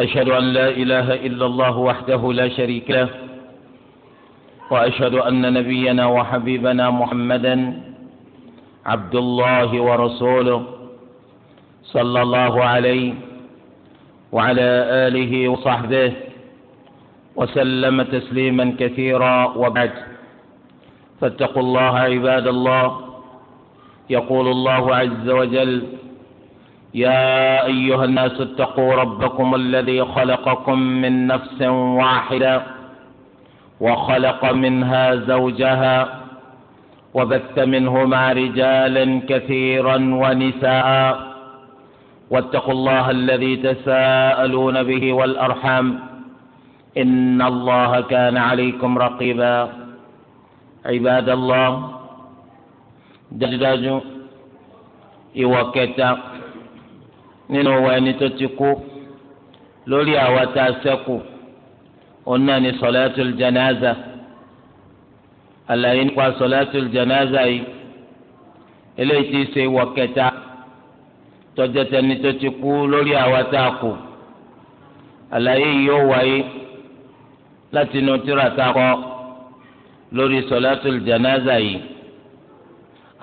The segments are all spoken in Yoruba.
أشهد أن لا إله إلا الله وحده لا شريك له وأشهد أن نبينا وحبيبنا محمدا عبد الله ورسوله صلى الله عليه وعلى آله وصحبه وسلم تسليما كثيرا وبعد فاتقوا الله عباد الله يقول الله عز وجل يا ايها الناس اتقوا ربكم الذي خلقكم من نفس واحده وخلق منها زوجها وبث منهما رجالا كثيرا ونساء واتقوا الله الذي تساءلون به والارحام ان الله كان عليكم رقيبا عباد الله دجاج إوكتا nínú wa ẹni tó ti kú lórí àwa tá a ṣẹ́kù òun náà ni sọlẹ́tul janaza àlàyé nípa sọlẹ́tul janaza yìí eléyìí ti ṣe wọ kẹta tọjọ tẹni tó ti kú lórí àwa tá a kù àlàyé yìí ó wáyé láti inú tíra tá a kọ lórí sọlẹ́tul janaza yìí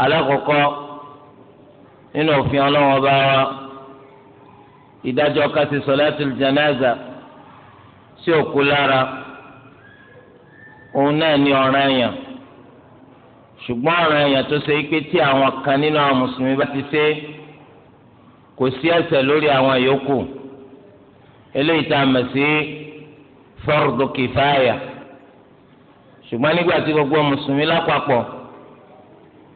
alákọ̀ọ́kọ́ nínú òfin ọlọ́wọ́n bá wa ìdájọ́ ká ṣe sọ̀láàtì janaza sí òkú lára òun náà ní ọ̀ràn èèyàn ṣùgbọ́n ọ̀ràn èèyàn tó ṣe pé tí àwọn kan nínú àwọn mùsùlùmí bá ti ṣe kò sí ẹ̀ṣẹ̀ lórí àwọn yòókù eléyìí tá a mọ̀ sí fardu kìfáyà ṣùgbọ́n nígbà tí gbogbo mùsùlùmí lápapọ̀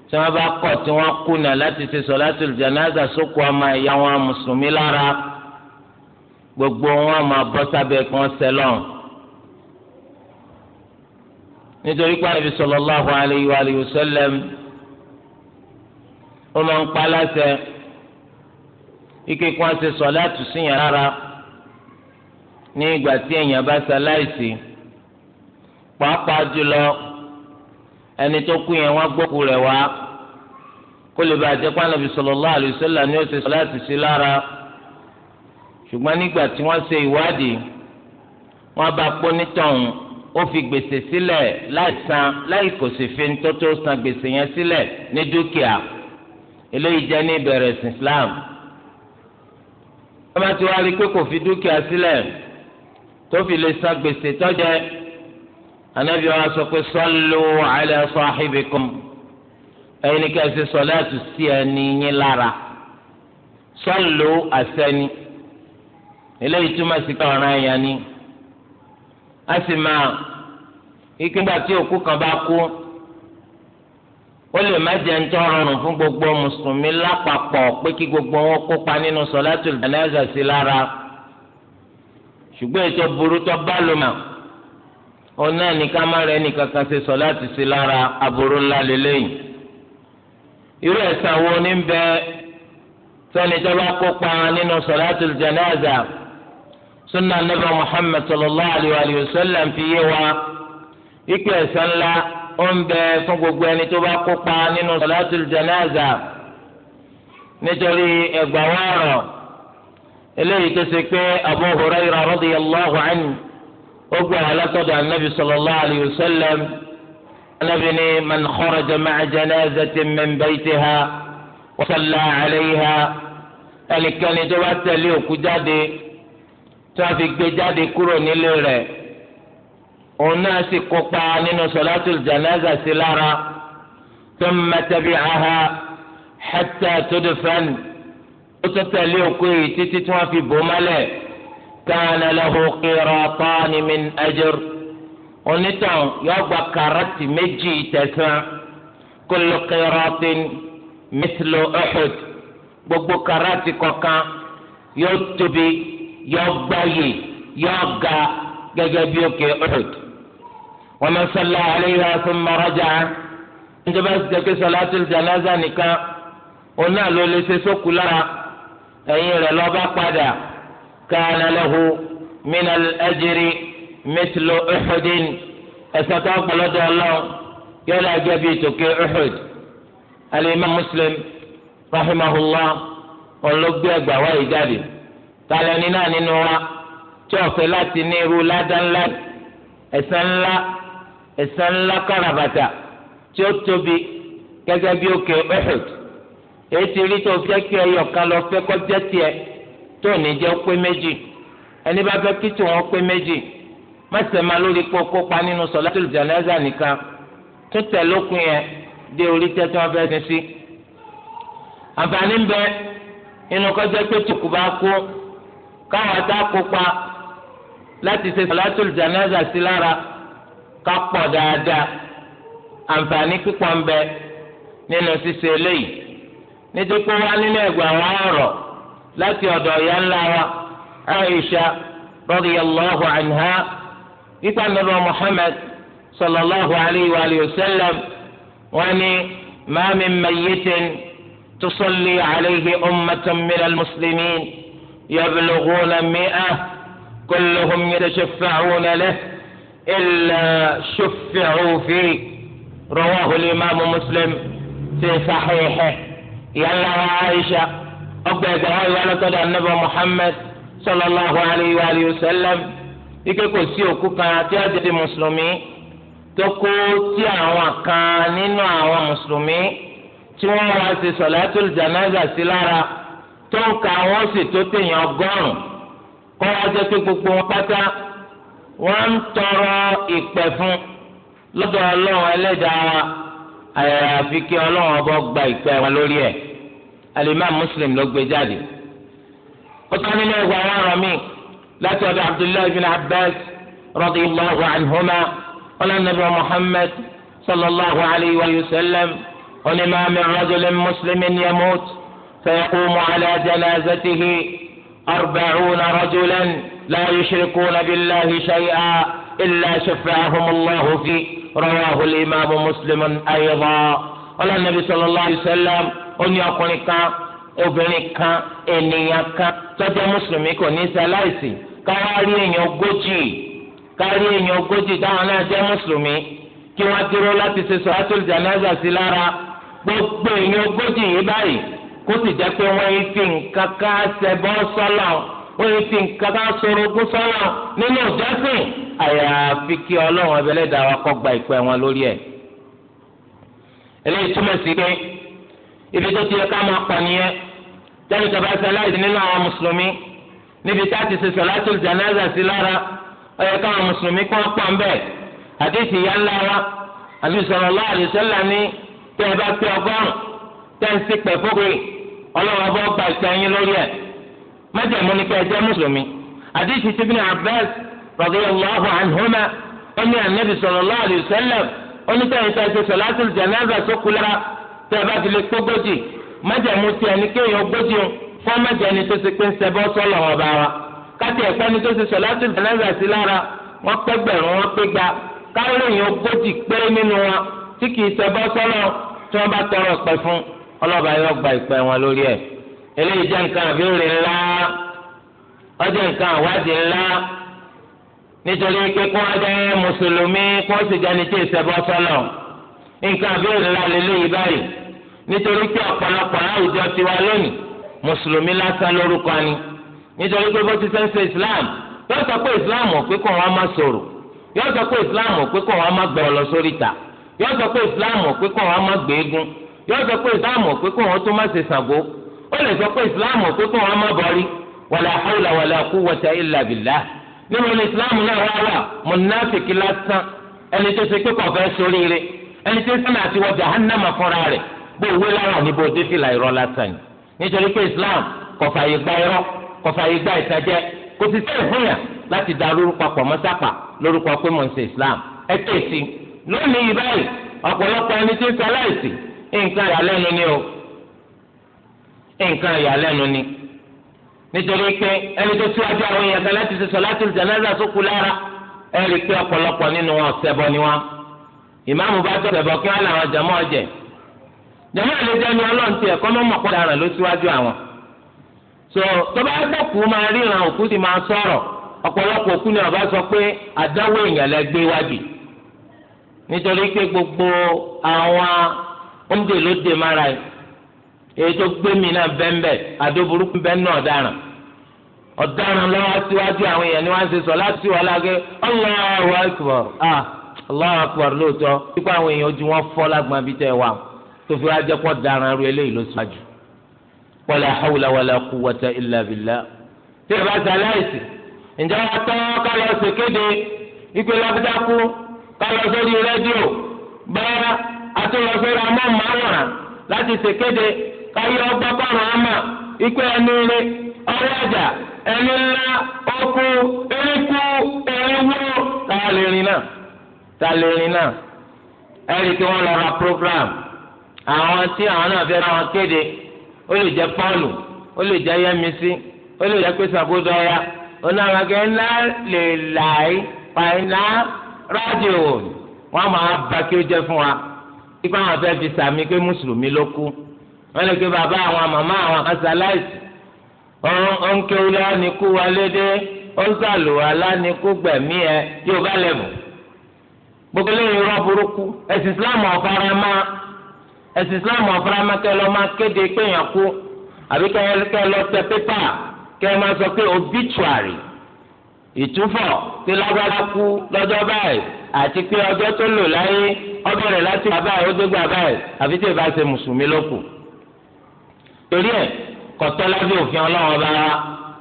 tí wọ́n bá kọ̀ tí wọ́n kùnà láti ṣe sọ̀láàtì janaza sókò ọmọ ìyá wọn mùsùlùmí lára gbogbo wọn máa bọ́ sábẹ́ kan sẹ́lọ̀n nítorí pé àbí sallallahu alayhi wa alihi wa sallam ó máa ń pa láṣẹ ike kan ṣe sọ̀láàtù síyàn rárá ní ìgbà tí èèyàn bá ṣaláìsí pàápàá jùlọ ẹni tó kú yẹn wọ́n gbókù rẹ̀ wá kó lè bàjẹ́ pé ànábì sallallahu alayhi wa sallam ni ó ṣe sọ̀láàtù sí lára ṣùgbọ́n nígbà tí wọ́n ṣe ìwádìí wọ́n bá pọ́nítọ̀hún ó fi gbèsè sílẹ̀ láì san láì kò sì fi tó san gbèsè yẹn sílẹ̀ ní dúkìá eléyìí jẹ́ ní ìbẹ̀rẹ̀ sí Islam wọ́n bá ti wá rí i pé kò fi dúkìá sílẹ̀ tó fi lè san gbèsè tọ́jẹ́ anabi wa sọ pé sallu ala sahibikum ẹ̀yin ni ká ẹ ṣe sọ láti ẹni yín lára sallu àsẹ́ni. eléyìí túmọ̀ sí ka ọ̀ràn ẹ̀yà ni a sì máa ìkígbà tí òkú kan bá kú ó lè má jẹ́ ntọ́ rọrùn fún gbogbo mùsùlùmí lápapọ̀ pé kí gbogbo wọn kópa nínú sọ̀látù si sí lára ṣùgbọ́n ètò burú tó bá lò mà òun náà ní ká má rẹ̀ nìkan ṣe sọ̀látù sí lára aburú ńlá lélẹ́yìn irú ẹ̀sán wo ní bẹ́ẹ̀ sunna anabi muhammed sallallahu alayhi wa sallam fi yé wa ikú ẹ̀san ńlá ó ń bẹ fún gbogbo ẹni tó bá kópa nínú salatul janaza nítorí ẹgbàwárọ̀ eléyìí tó ṣe pé abu hurayra radiyallahu anhu ó gbà wà látọ̀dọ̀ anabi sallallahu alayhi wa sallam anabi ni man kharaja ma'a janazatin min baytiha wa salla alayha ẹnikẹ́ni tó bá tẹ̀lé òkú jáde tí wọ́n fi gbé jáde kúrò nílé rẹ̀ òun náà sì kópa nínú sọlátùl janaza sí lára thumma tabi'aha hatta tudfan ó tún tẹ̀lé òkú yìí títí tí wọ́n fi bò mọ́lẹ̀ kana lahu qiratani min ajr onítàn yóò gba kàràtì méjì tẹ̀sán kullu qiratin mithlu uhud gbogbo kàràtì kọ̀ọ̀kan yóò tóbi yọ gbáyé yọ ga gẹ́gẹ́ bí òkè Uhud wa man salla alayha thumma raja'a níjọba ṣiṣẹ́ pé salatul janaza nìkan òun náà ló lè ṣe sókù lára ẹ̀yìn rẹ̀ lọ́ba padà kana lahu minal ajri mithlu Uhudin ẹ̀sán tó gbọ́lọ́dọ̀ ọlọ́run yóò lọ jẹ́ bíi tòkè Muslim rahimahullah ọ̀n ló gbé jáde tàlẹ́ni náà nínú wa tí ọ̀fẹ́ láti ní irú ládá ńlá ẹ̀san ńlá ẹ̀san ńlá kárabàtà tí ó tóbi gẹ́gẹ́ bí òkè Uhud ètò ìrí tó fẹ́ kí ẹyọ kan lọ fẹ́ kọ́ jẹ́ tiẹ̀ tó ní jẹ́ pé méjì ẹni bá fẹ́ kí tòun pé méjì mẹsẹ̀ máa lórí pọ̀ kópa nínú sọ̀látùl jánásà nìkan tó tẹ̀ lókun yẹn dé orí tẹ́ tí wọ́n fẹ́ sin sí. àǹfààní ń bẹ inú kọjá pé tòkù bá kú káwọn ata kópa láti ṣe salatul janaza sí lára ká pọ̀ dáadáa àǹfààní pípọ̀ ń bẹ nínú ṣíṣe eléyìí nítorí pé wá nínú ẹ̀gbọ́n àwọn ọ̀rọ̀ láti ọ̀dọ̀ ìyá ńlá wa Aisha radiyallahu anha ipa nàbà Muhammad sallallahu alayhi wa sallam wọn ni ma min mayyitin tusalli alayhi ummatan minal muslimin. يبلغون مئة كلهم يتشفعون له إلا شفعوا فيه رواه الإمام مسلم في صحيحه يلا عائشة أبدا جهاز ولد النبي محمد صلى الله عليه وآله وسلم ike kò sí òkú kan tí a di mùsùlùmí tó kú tí àwọn kan nínú àwọn mùsùlùmí tí wọ́n wá sí sí lára. tó ń ka wọn sì tó téèyàn ọgọ́rùn kọ́ wá jẹ́ pé gbogbo wọn pátá wọ́n ń tọrọ ìpẹ̀ fún lọ́dọ̀ ọlọ́run ẹlẹ́dàá wa àyàfi kí ọlọ́run ọbọ̀ gba ìpẹ̀ wọn lórí ẹ̀ alimami muslim ló gbé jáde ó tán nínú ẹgbẹ́ àwọn ọ̀rọ̀ mi láti ọ̀dọ̀ abdullahi bin abbas radiyallahu anhuma ọ̀là nàbí sallallahu alayhi wa sallam onímọ̀ àmì rajulin muslimin yamut. سيقوم على جنازته أربعون رجلا لا يشركون بالله شيئا إلا شفعهم الله فيه رواه الإمام مسلم أيضا قال النبي صلى الله عليه وسلم أن يقول obìnrin kan ènìyàn kan tọ́jú mùsùlùmí kò ní sáláìsì káwárí èèyàn ogójì kárí èèyàn ogójì táwọn náà jẹ́ mùsùlùmí kí wọ́n dúró láti ṣe sọ́látùl jánásà sí lára gbogbo èèyàn ogójì yìí báyìí kó sì jẹ́ pé wọ́n yìí fi nǹkan ká ṣẹbọ sọ́lọ̀ wọ́n yìí fi nǹkan ká sorogún sọ́lọ̀ nínú ìjọsìn àyàfi kí ọlọ́run ẹlẹ́dàá wa kó gba ìpẹ́ wọn lórí ẹ̀. eléyìí túmọ̀ sí pé ibi tó ti yẹ ká máa pọ̀ nìyẹn lẹ́nu tó bá ṣe aláìsí nínú àwọn mùsùlùmí níbi tá a ti ṣe sọ̀látùl jánásà sí lára ó yẹ káwọn mùsùlùmí kọ́ pọ̀ ń bẹ̀ àdéhìí ya ńlá wa àbí sallallahu alaihi wasallam ní tẹ́ ẹ bá pé ọgọ́rùn-ún tẹ́ ń sí pẹ̀ fógbè ọlọ́run ọba ọgbà ìsẹ̀yìn lórí ẹ̀ mẹ́tẹ̀ẹ̀mú ni kẹ́ ẹ jẹ́ mùsùlùmí àdìsí ti bínú Abbas radiyallahu anhuma ó ní ànábì sallallahu alayhi wa sallam ó ní sẹ́yìn tá a ṣe salatul janaza sókù lára tẹ́ ẹ bá ti lè gbógójì mẹ́tẹ̀ẹ̀mú tiẹ̀ ní kéèyàn gbójì o fún mẹ́tẹ̀ẹ̀ni tó ti pé ń ṣẹbọ sọ́lọ̀ ọba wa káti ẹ̀kọ́ ni tó ṣe salatul janaza sọ́lọ̀ tí wọ́n bá ọlọ́ba yóò gba ìpẹ́ wọn lórí ẹ̀ eléyìí jẹ́ nǹkan àbíòrè ńlá ọjọ́ nǹkan àwádìí ńlá nítorí pé kó wọ́n jẹ́ mùsùlùmí kó sì jẹ́ ní tí ìṣẹ́bọ sọ́lọ̀ nǹkan àbíòrè ńlá lélẹ́yìí báyìí nítorí pé ọ̀pọ̀lọpọ̀ tiwa lónìí mùsùlùmí lásán lórúkọ ni nítorí pé bó ti ń ṣe islam yóò sọ islam pé islam pé má gbẹ̀rọ̀ lọ islam pé yóò sọ pé ìsìláàmù pé kó wọn tó má ṣe Ṣàngó ó lè sọ pé ìsìláàmù pé kó wọn má bọrí wàlà hàwùlà wàlà quwwata illa billah nínú ní ìsìláàmù náà wà wà mùnàfíkì lásán ẹni tó ṣe pé kò fẹ́ sóríire ẹni tó sẹ́nà àti wọ jahannama fúnra rẹ̀ bó wé lára ní bó dé fìlà irọ́ lásán nítorí pé ìsìláàmù kò fààyè gba irọ́ kò fààyè gba ìtajẹ kò sì sẹ́ẹ̀ fún yàn láti da lórúkọ pọ̀ mọ́sápà lórúkọ pé mò ń ṣe ìsìláàmù ẹ tẹ̀sí lónìí báyìí ọ̀pọ̀lọpọ̀ ẹni tó ń sọ aláìsí nǹkan ìyàlẹ́nu ni o nǹkan ìyàlẹ́nu ni nítorí pé ẹni tó síwájú àwọn èèyàn kan láti ṣe sọ̀látul jánásà sókù lára ẹ rí i pé ọ̀pọ̀lọpọ̀ nínú wọn ṣẹbọ ni wọn ìmáàmù bá tó ṣẹbọ kí wọn làwọn àlejò ni ló síwájú àwọn so tó bá gbọ́kú máa ríran òkú ti máa sọ̀rọ̀ ọ̀pọ̀lọpọ̀ òkú ni ọba sọ pé èèyàn lẹ gbé wájú nítorí pé gbogbo àwọn oúnjẹ ló dé mára yìí èyí tó gbé mi náà bẹ́ńbẹ́ àdó bẹ́ẹ̀ náà dáràn ọ̀daràn lọ́wọ́ síwájú àwọn èèyàn ni wọ́n ṣe sọ láti wà lágé Allahu Akbar ah Allahu Akbar lóòótọ́ nípa àwọn èèyàn ojú wọn fọ́ lágbọ́n bí tẹ́ wà tó fi wá jẹ́ pọ̀ daràn ru eléyìí ló síwájú. wala hawla wala tí ìbá sàlẹ́sì ǹjẹ́ wọ́n kálọ̀ ṣèkéde ìpè kálọ̀ sórí bẹ́ẹ̀ àtúnlọsọrọ amóhùnmáwòrán láti ṣèkéde káyọ ọgbà kọrùn àmà ikú ẹni rí ọwọ́ ọjà ẹni ńlá ọkú erékú eréwó táwa lè rìn náà táwa lè rìn náà ẹrí kí wọn lọ ra program àwọn tí àwọn náà fẹ́ẹ́ ráwọn kéde ó lè jẹ pọ́ọ̀lù ó lè jẹ yẹmísí ó lè jẹ pé sàbódọ́ ya onáwàgẹ ńlá lè láì pa iná rádìò wọn máa bá kí ó jẹ fún wa. kíkọ́ àwọn fẹ́ fi sàmì pé mùsùlùmí ló kú wọ́n lè pe bàbá àwọn màmá àwọn kan ṣaláìsì ó ń kéwú lọ́wọ́ gbẹ̀mí ẹ yóò bá lẹ̀ gbogbo lẹ́yìn irọ́ burúkú ẹ̀sìn islam ọ̀fara má ẹ̀sìn islam ọ̀fara má kẹ́ lọ má kéde péyàn kú àbí kẹ́ lọ tẹ pépà kẹ́ sọ pé obituary ìtúfọ̀ àti pé ọjọ́ tó lò láyé ọbẹ̀ láti bàbá ẹ̀ ó dé bàbá ẹ̀ àfi tí ìbá ṣe mùsùlùmí ló torí ẹ̀ kọ̀tọ́ lábẹ́ òfin ọlọ́run ọba wa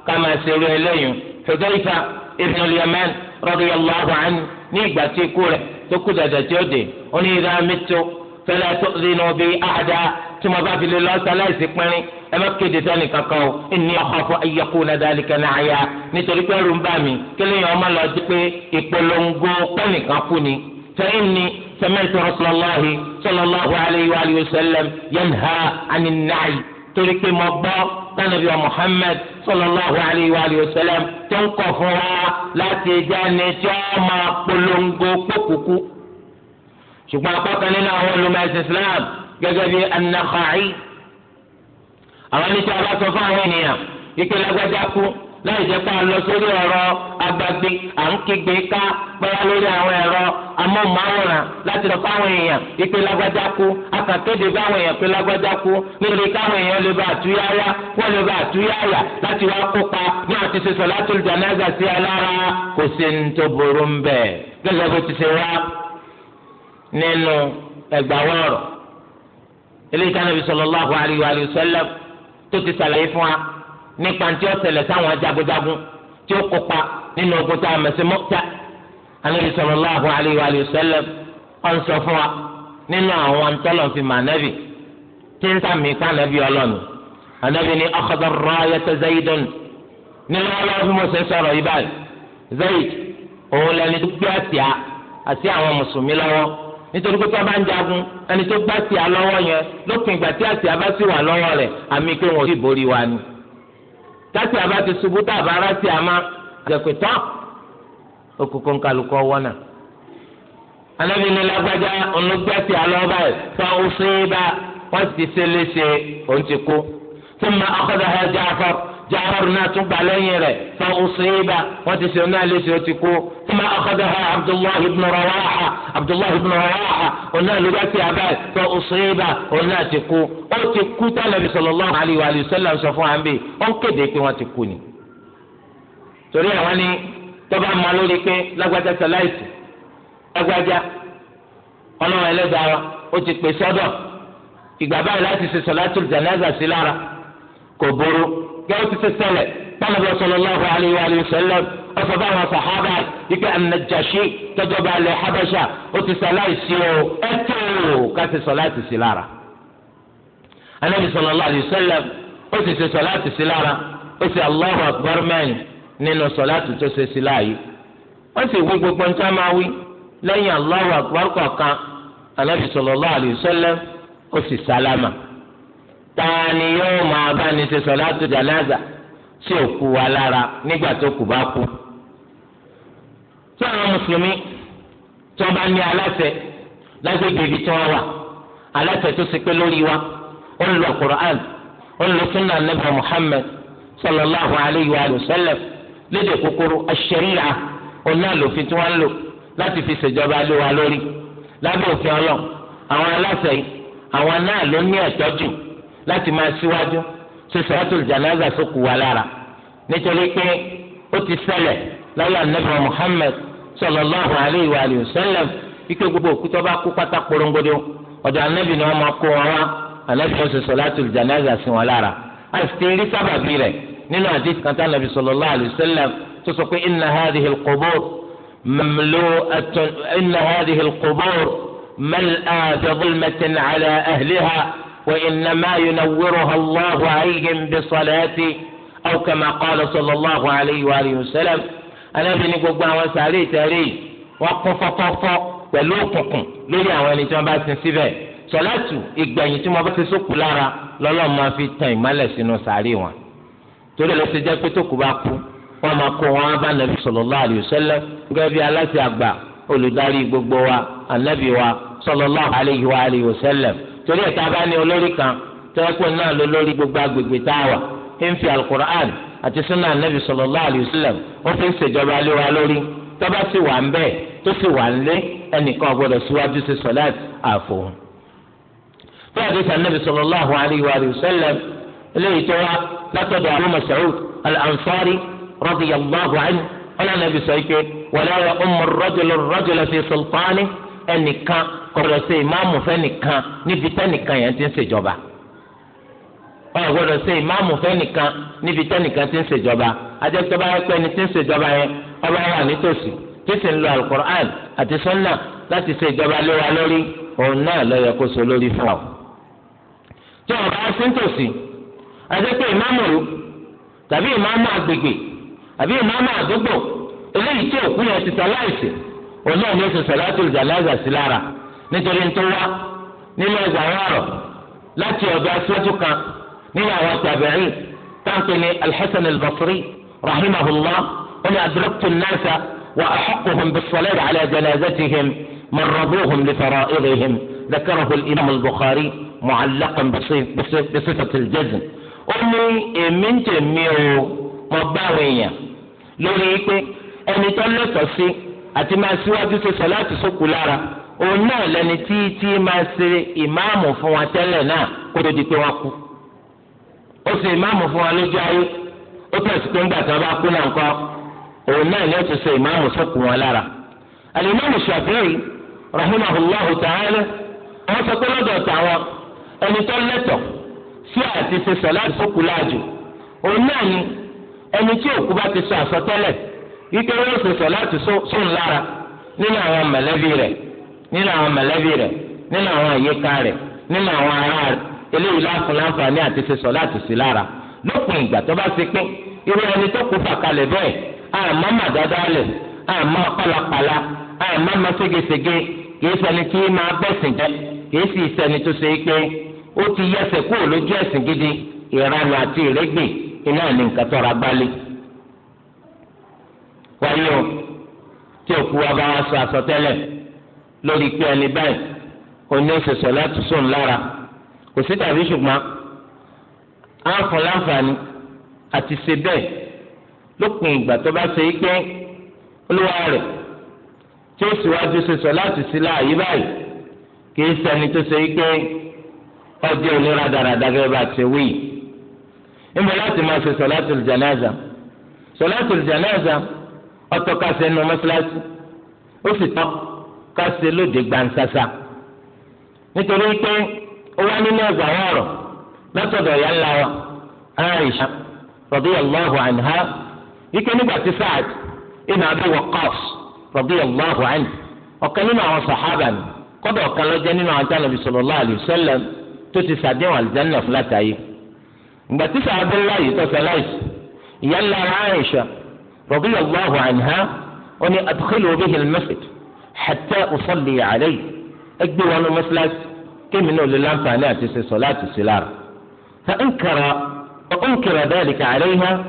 ká máa ṣe eré ẹlẹ́yìn Hudayfa ibn al-Yaman radiyallahu anhu ní ìgbà tí ikú rẹ̀ tó kú dàdà tí ó dé ó ní idha mittu fala tu'dhinu bi ahada tí mo bá fi lè lọ́ọ́ ẹ má kéde tani kankan o ẹni ọkọ fún ayẹkù nadali kẹne àyà nítorí pé ẹrù ń bà mí kílẹ̀ yẹn ọmọ lọ di pé ìpolongo pẹ́nìkan kú ni fẹ́yìn ni sẹ́mẹ́ntì rọ́sọ̀lọ́hì sọlọ́láhu aleyhi wa aleyhi yẹn ha ani nàáyì torí pé mo gbọ́ tánàbí wa Muhammad sọlọ́láhu wa aleyhi tó ń kọ̀ fún wa láti ẹja ni tí wọ́n máa polongo kókùkù ṣùgbọ́n akọ́kànlélá àwọn olùmọ̀ ẹ̀sìn Islam gẹ́gẹ́ bí anakhaayi àwọn ẹni tí a bá sọ fún àwọn ènìyàn ike lágbájá kú láì jẹ́ pé a lọ sórí ọ̀rọ̀ agbagbe à ń kígbe ká pẹ́yà lórí àwọn ẹ̀rọ amóhùnmáwòrán láti lọ fáwọn èèyàn ipe lágbájá kú akàkéde báwọn èèyàn pé lágbájá kú nítorí káwọn èèyàn lè bá àtúnyáyá wọ́n lè bá àtúnyáyá láti wá kópa ní àti ṣe sọ̀látùl jánásà sí alára kò sí ní tó burú ń bẹ̀. gẹ́gẹ́ bó ti ṣe wá nínú ẹgbàá eléyìí tí Ànábì sallallahu alaihi wa sallam tó ti sàlàyé fún wa nípa tí ó ṣẹlẹ̀ sáwọn jagunjagun tí ó kópa nínú ogun tá a mẹsẹ mọta anabi sallallahu alayhi wa sallam ọ ń sọ fún wa nínú àwọn ntọ́lọ̀fin mànẹ́bì tí ń sàmì ká nàbí ọlọ́nu anabi ni akhadha rayata Zaydun nínú ọlọ́run mo ṣe sọ̀rọ̀ yìí báyìí Zayd òun lẹni tó gbé àti àwọn mùsùlùmí lọ́wọ́ nítorí pé tó bá ń jagun ẹni tó gbá sí alọ́wọ́ yẹn lópin ìgbà tí àti abá sì wà lọ́wọ́ rẹ̀ àmì pé wọn ò sì borí wa ni tásì abá ti ṣubú tá àbá ara sí àmá àjẹpẹ tán okòkò ńkàlùkọ wọnà. anábì ní lágbájá olùgbé sí alọ́wọ́ báyìí fún ọ̀hún sí bá wọ́n ti ṣe léṣe òun ti kú. tó máa akọ́dọ̀ ẹ̀ jaharu náà tún gbà lẹ́yìn rẹ̀ fa usiba wọ́n ti sèwọ́n náà lé sèwọ́n ti kú kuma akhadaha abdullahi ibn rawaha abdullahi ibn rawaha ọ̀nà lùbẹ́tì abẹ́ fa usiba ọ̀nà ti kú ó ti kú tálẹ̀bí sallallahu alayhi wa sallam sọ fún àmì ó ń kéde pé wọ́n ti kú ni. torí àwọn ni tọ́ba máa lórí pé lágbájá sẹláìsì lágbájá ọlọ́run ẹlẹ́dàá ó ti pè sọ́dọ̀ ìgbà báyìí láti ṣe salatul gẹ́gẹ́ ti ṣe ṣẹlẹ̀ pálọ̀bọ̀ sallallahu alayhi wa sallam ọ̀sọ̀ báwọn sàhábà ike an-Najashi tọ́jọba alẹ́ habasha ó ti sàláìsí o ẹ tó o ká ti sọ láti sí lára. anabi sallallahu alayhi wa sallam ó ti ṣe sọ láti sí lára ó sì Allahu akbar mẹ́rin nínú sọ láti tó ṣe sí láàyè. wọ́n sì wí gbogbo ń tá máa wí lẹ́yìn Allahu akbar kọ̀ọ̀kan anabi sallallahu alayhi wa sallam ó sì sálámà ta ni yóò máa bá ni ṣe sọ̀látù jànáza sí òkú wa lára nígbà tó kù bá kú. tí àwọn mùsùlùmí tí wọ́n bá ní aláṣẹ lágbègbè ibi tí wọ́n wà aláṣẹ tó ṣe pé lórí wa ó ń lo Qur'an ó ń lo sunna nebà Muhammad sallallahu alayhi wa sallam lédè kúkúrú aṣẹ́ríà ọ̀nà lòfin tí wọ́n lò láti fi ṣèjọba lé wa lórí lábẹ́ òfin ọlọ́ àwọn aláṣẹ yìí àwọn náà ló ní ẹ̀tọ́ jù láti máa síwájú ṣe sọ́tò jànáza sókù wa lára nítorí pé ó ti ṣẹlẹ̀ lọ́la nàbà Muhammad sallallahu alayhi wa alihi wa sallam ike gbogbo òkúta bá kú pátá korongodo ọ̀dọ̀ anabi ni wọ́n máa kó wọn wá anabi wọn ṣe sọ́tò jànáza sí wọn lára a sì ti rí sábàbí rẹ̀ nínú àdìsí kan tá nàbì sallallahu alayhi wa sallam tó sọ pé inna hadhihi al-qubur mamlu'atun inna hadhihi al-qubur وإنما ينورها الله عليهم بصلاته أو كما قال صلى الله عليه وآله وسلم أنا بني قبا وسالي تاري وقف فقف ولوقكم لولي أواني جنبات سيبه sọlátù ìgbẹ̀yìn tí mo bá ti sókù lára lọ́lọ́run máa fi tan ìmọ́lẹ̀ sínú sàárè wọn torí ló ti jẹ́ pé tó kù bá kú wọn máa kó wọn bá nàbí sallallahu alaihi wasallam gẹ́gẹ́ bí aláṣẹ àgbà olùdarí gbogbo wa ànábì wa sallallahu alaihi wa alihi wasallam torí ẹ̀ta bá ní olórí kan tẹ́kùn náà ló lórí gbogbo agbègbè tá a wà ń fi alukur'an àti sunnah nabi sallallahu alayhi wa sallam ó fi ń ṣèjọba lé wa lórí tọ́ba sì wà ń bẹ́ẹ̀ tó sì wà ń lé ẹnìkan gbọ́dọ̀ síwájú sí sọ̀láàtì àfọ̀hún. bí àdéhùn anabi sallallahu alayhi wa sallam eléyìí tó wá látọ̀dọ̀ Abu Mas'ud al-Ansari radiyallahu anhu ọ̀nà anabi sọ ike wala ya ummu fi sultanihi ẹnìkan gbọ́dọ̀ ṣe ìmáàmù fẹ́nìkan níbi tẹ́nìkan yẹn ti ń ṣèjọba wọn gbọ́dọ̀ ṣe ìmáàmù fẹ́nìkan níbi tẹ́nìkan ti ń ṣèjọba ajẹtọba ẹgbẹ ni ti ń ṣèjọba yẹn ọba wà nítòsí tí sì ń lo alukur'an àti sunna láti ṣe ìjọba lé wa lórí òun náà ló yẹ kó so lórí fún ọ. tí wọn bá sí nítòsí ajẹtọ ìmáàmù rú tàbí ìmáàmù agbègbè àbí ìmáàmù àdúgbò eléyìí tí òkú yẹn ti sàláìsì òun náà ní oṣù sàlátù ìjàláìsì lára nítorí ń tó wá nínú ẹgbẹ́ àwọn ọ̀rọ̀ láti ọ̀dọ̀ aṣáájú kan nínú àwọn tàbíìn táǹkì ní alḥasan albasri rahimahullah oní adraktu nasa wa axaquhum bisalad cala janaazatihim maraduhum lifara'idihim dakarahu imam albukhari mucallaqan bisifat aljazm ó ní èmi ń tèmi o mo bá àwọn èèyàn lórí pé ẹni tó lẹ́tọ̀ọ́ sí àti máa síwájú ṣe sọ láti sókù lára. òun náà lẹni tí tí máa ṣe ìmáàmù fún wa tẹ́lẹ̀ náà kó tó di pé wọ́n kú ó ṣe ìmáàmù fún wa lójú ayé ó tẹ̀sí pé ńgbà tí wọ́n bá kú náà ńkọ́ òun náà ni ó ti ṣe ìmáàmù sọ́kù wọn lára. alimami shafi'i rahimahullahu ta'ala wọ́n sọ pé lọ́dọ̀ tàwọn ẹni tó lẹ́tọ̀ sí àti ṣe sọ̀láàtì sọ́kù láàjù ti sọ àsọtẹ́lẹ̀ wípé wọ́n ṣe nínú àwọn mọ̀lẹ́bí rẹ̀ nínú àwọn àyíká rẹ̀ nínú àwọn ará rẹ̀ eléyìí láfún láǹfààní àti ṣe láti sí lára lópin ìgbà tó bá pé irú ẹni tó kú fàkalẹ̀ bẹ́ẹ̀ àmọ́ màdádálẹ̀ àmọ́ pálapàla àmọ́ maségesège kìí ṣẹni tí máa bẹ̀sìn jẹ́ kìí sì ìranu àti iná ní nǹkan tọ́ra gbálẹ̀. wáyé o tí òkú lórí pé ẹni báyìí oní òṣèṣọ láti sùn lára kò sí tàbí ṣùgbọ́n á fún láǹfààní àti ṣe bẹ́ẹ̀ lópin ìgbà tó bá ṣe pé olúwa rẹ̀ tí ó síwájú ṣèṣọ láti sí láàyè báyìí kì í ṣẹni tó ṣe pé ọjọ́ onírà dáradára gẹ́gẹ́ bá ti wí. níbo láti máa ṣe sọ̀láàtù janaza sọ̀láàtù janaza ọ̀tọ̀kasẹ̀ nù mọ́ṣáláṣí ó sì tán ká ṣe lóde gbansasa nítorí pé ó wá nínú ọgbà ọ̀rọ̀ látọ̀dọ̀ ìyá ńlá wa Aisha radiyallahu anha ike nígbà tí Sa'ad ibn Abi Waqqas radiyallahu anhu ọ̀kan nínú àwọn sàhábà ni kọ́dọ̀ ọ̀kan lọ́jọ́ nínú àwọn tánàbí sallallahu alayhi wa sallam tó ti sàdéhùn àlùjánnà fún látàyè ìgbà tí Sa'ad ńlá yìí tọ́sẹ̀ láìsí ìyá ńlá Aisha radiyallahu anha ó ní adkhilu bihi al-masjid حتى أصلي عليه أكبر وأنا مسلس كم إنه للأنفع نأتي صلاة السلار فأنكر وأنكر ذلك عليها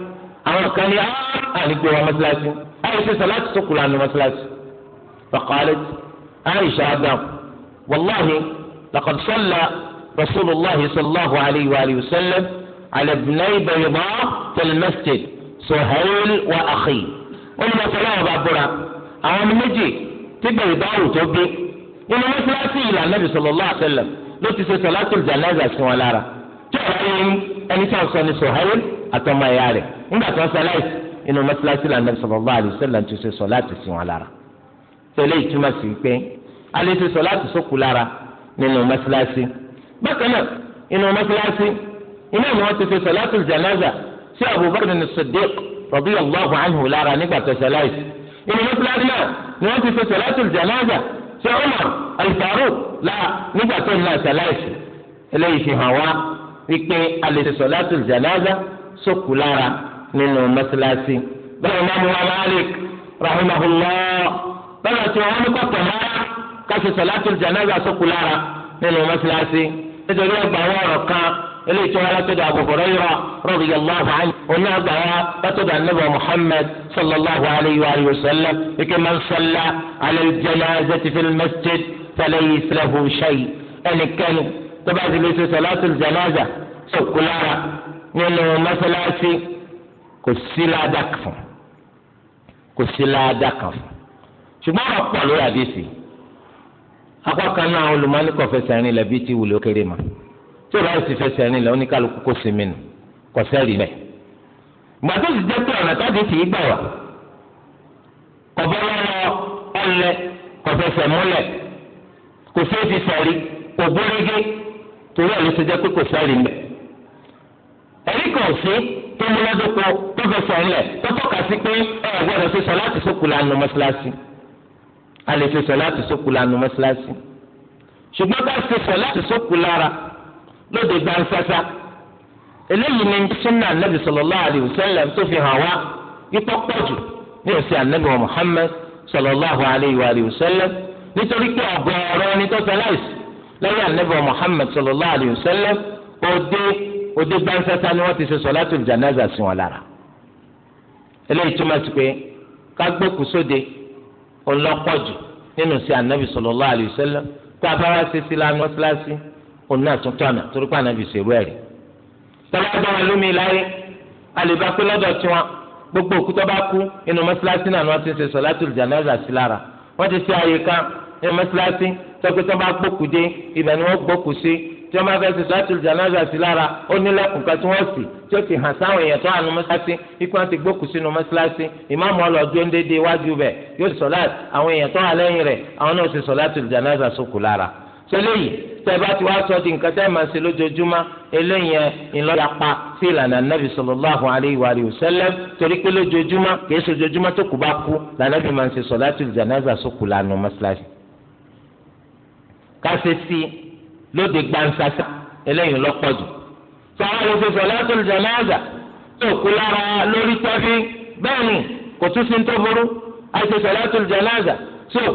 أما كان يعني أكبر وأنا مسلس أي صلاة سكر أنا مسلس فقالت عائشة أبا والله لقد صلى رسول الله صلى الله عليه وآله وسلم على ابني بيضاء في المسجد سهيل وأخي ولما صلاة بابرا اما نجي tí bẹ̀rẹ̀ báwò tó gbé nínú mọ́sálásí ìlà nàbì sallallahu alaihi wasallam ló ti ṣe salatul janaza sí wọn lára tí ọ̀rọ̀ yẹn ẹni tí wọ́n sọ ní Suhail àtọmọ ẹ̀yà rẹ̀ nígbà tí wọ́n sọ láìsí nínú mọ́sálásí ìlà nàbì sallallahu alaihi wasallam ti ṣe salatu sí wọn lára tẹ́lẹ̀ ìtumọ̀ sí pé alẹ́ ti salatu sókù lára nínú mọ́sálásí ìròyìn fúlàdì náà ni wọ́n ti fi sọ̀láṣù jànáza ṣe Umar Al-Faruq la nígbà tó ń la ṣàláìsì eléyìí fi hàn wá wípé a lè ṣe sọ̀láṣù jànáza sókù lára nínú mọ́ṣáláṣí. bẹ́ẹ̀ ni Imam Malik rahimahullah bẹ́ẹ̀ tí wọ́n ní kọ́tọ̀ náà ká ṣe sọ̀láṣù jànáza sókù lára nínú mọ́ṣáláṣí nítorí ọgbà إليه تعالى تدعى أبو هريرة رضي الله عنه ومع دعاء تدعى النبي محمد صلى الله عليه وآله وسلم لكن من صلى على الجنازة في المسجد فليس له شيء أن كان تبع ليس صلاة الجنازة سو سكولارا لأنه مثلا في كسلا دكف كسلا دكف شو ما رفضوا يا ديسي أقوى كان أولماني كوفيساني لبيتي ولو كريمه tí o bá sì fẹsẹ̀ rìn lọ oníkálukú kó sinmi nù kò sẹ́rì mẹ́. ìgbà tó sì jẹ́ pé ọ̀nà táde kì í gbà wá kọ̀bọ́ lọ́wọ́ ọ̀lẹ kọ̀fẹsẹ̀ múlẹ̀ kò sí ti sẹ̀rí kò bórígé torí ẹ̀ ló ṣe jẹ́ pé kò sẹ́rì mẹ́. ẹ̀rí kan sí tó mú lọ́dọ́kọ tó fẹsẹ̀ ńlẹ̀ tó tọ́ka sí pé ẹ ẹ̀ gbọ́dọ̀ ṣe sọ láti sókù lanu mọ́ṣáláṣí a lè ṣe sọ láti sókù lanu mọ́ṣáláṣí ṣùgbọ́n ká ṣe sọ láti sókù lára lóde gbansasa eléyìí ni sunna anabi sallallahu alayhi wa sallam tó fi hàn wá yípo pọ̀jù ní òsì anabi wa muhammad sallallahu alayhi wa sallam nítorí pé ọ̀gọ̀ọ̀rọ̀ ni tó sẹláìsì lẹ́yìn anabi wa muhammad sallallahu alayhi wa sallam òde òde gbansasa ni wọ́n ti ṣe sọ̀látù janaza sí wọn lára eléyìí túmọ̀ sí pé kágbókù sóde ọlọ́pọ̀jù nínú sí anabi sallallahu alayhi wa sallam kó abáwá ṣe sí lánàá síláṣí òun náà tún tọ̀nà torí pé ànábì ṣèrú ẹ̀rí. tọ́lá bá wọn lómi láyé àlèbá pé lọ́dọ̀ tiwọn gbogbo òkú tó bá kú inú mọ́ṣáláṣí náà ni wọ́n ti ṣe sọ̀látùl jánásà sí lára wọ́n ti ṣe àyè kan inú mọ́ṣáláṣí tọ́pẹ́ tó bá gbókù dé ibẹ̀ ni wọ́n gbókù sí tí wọ́n bá fẹ́ ṣe sọ̀látùl jánásà sí lára ó nílẹ̀kùn kan tí wọ́n sì tí ó ti hàn sáwọn èèyàn tó àánú mọ́ṣáláṣí ikú wọn ti gbókù sínú mọ́ṣáláṣí ìmáàmù ọlọ́dún ń dédé iwájú bẹ̀ yóò ṣe sọ̀lát àwọn èèyàn tó wà lẹ́yìn rẹ̀ àwọn náà ṣe sọ̀látùl jánásà sókù lára. sọlẹ́yìn tẹ́ẹ̀bá ti wá sọ di nǹkan tẹ́ẹ̀ máa ṣe lójoojúmọ́ eléyìí ìlọ́yàpá sí ìlànà nàbì sallallahu alayhi wa sallam torí pé lójoojúmọ́ kìí ṣe ojoojúmọ́ tó kù bá kú lànàbì máa ń ṣe solatul janaza sókù lànà mọ́ṣáláṣí. káṣe sí lóde gbansasa eléyìí lọ́pọ̀jù. sọ́wọ́n ló ṣe solatul janaza tó kú lára lórí tọ́fí bẹ́ẹ̀ ni kò tún tó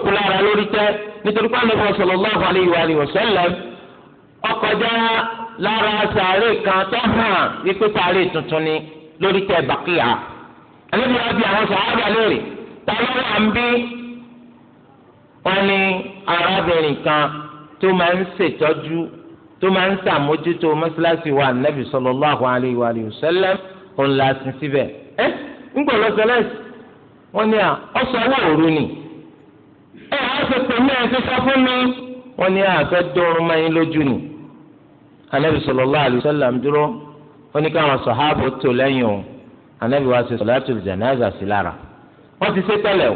kú lára lórí tẹ́ nítorí pé ànábì sallallahu alayhi wa sallam ọkọjá lára sàárè kan tó hàn wípé sàárè tuntun ni lórí tẹ bàkìyà ànábì wa bí àwọn sàárè lórí ta wà ń bí wọn ní arábìnrin kan tó máa ń ṣètọ́jú tó máa ń ṣàmójútó mọ́ṣáláṣí wa ànábì ẹ á sọ pé mi ẹ ti sọ fún mi wọn ní àfẹ dọrùn mọyìn lójú ni anabi sallallahu alaihi wasallam dúró wọn ní káwọn sọhábù tó lẹ́yìn o anabi wa ṣe sọláàtù jẹnáza sí lára wọn ti ṣe tẹ́lẹ̀ o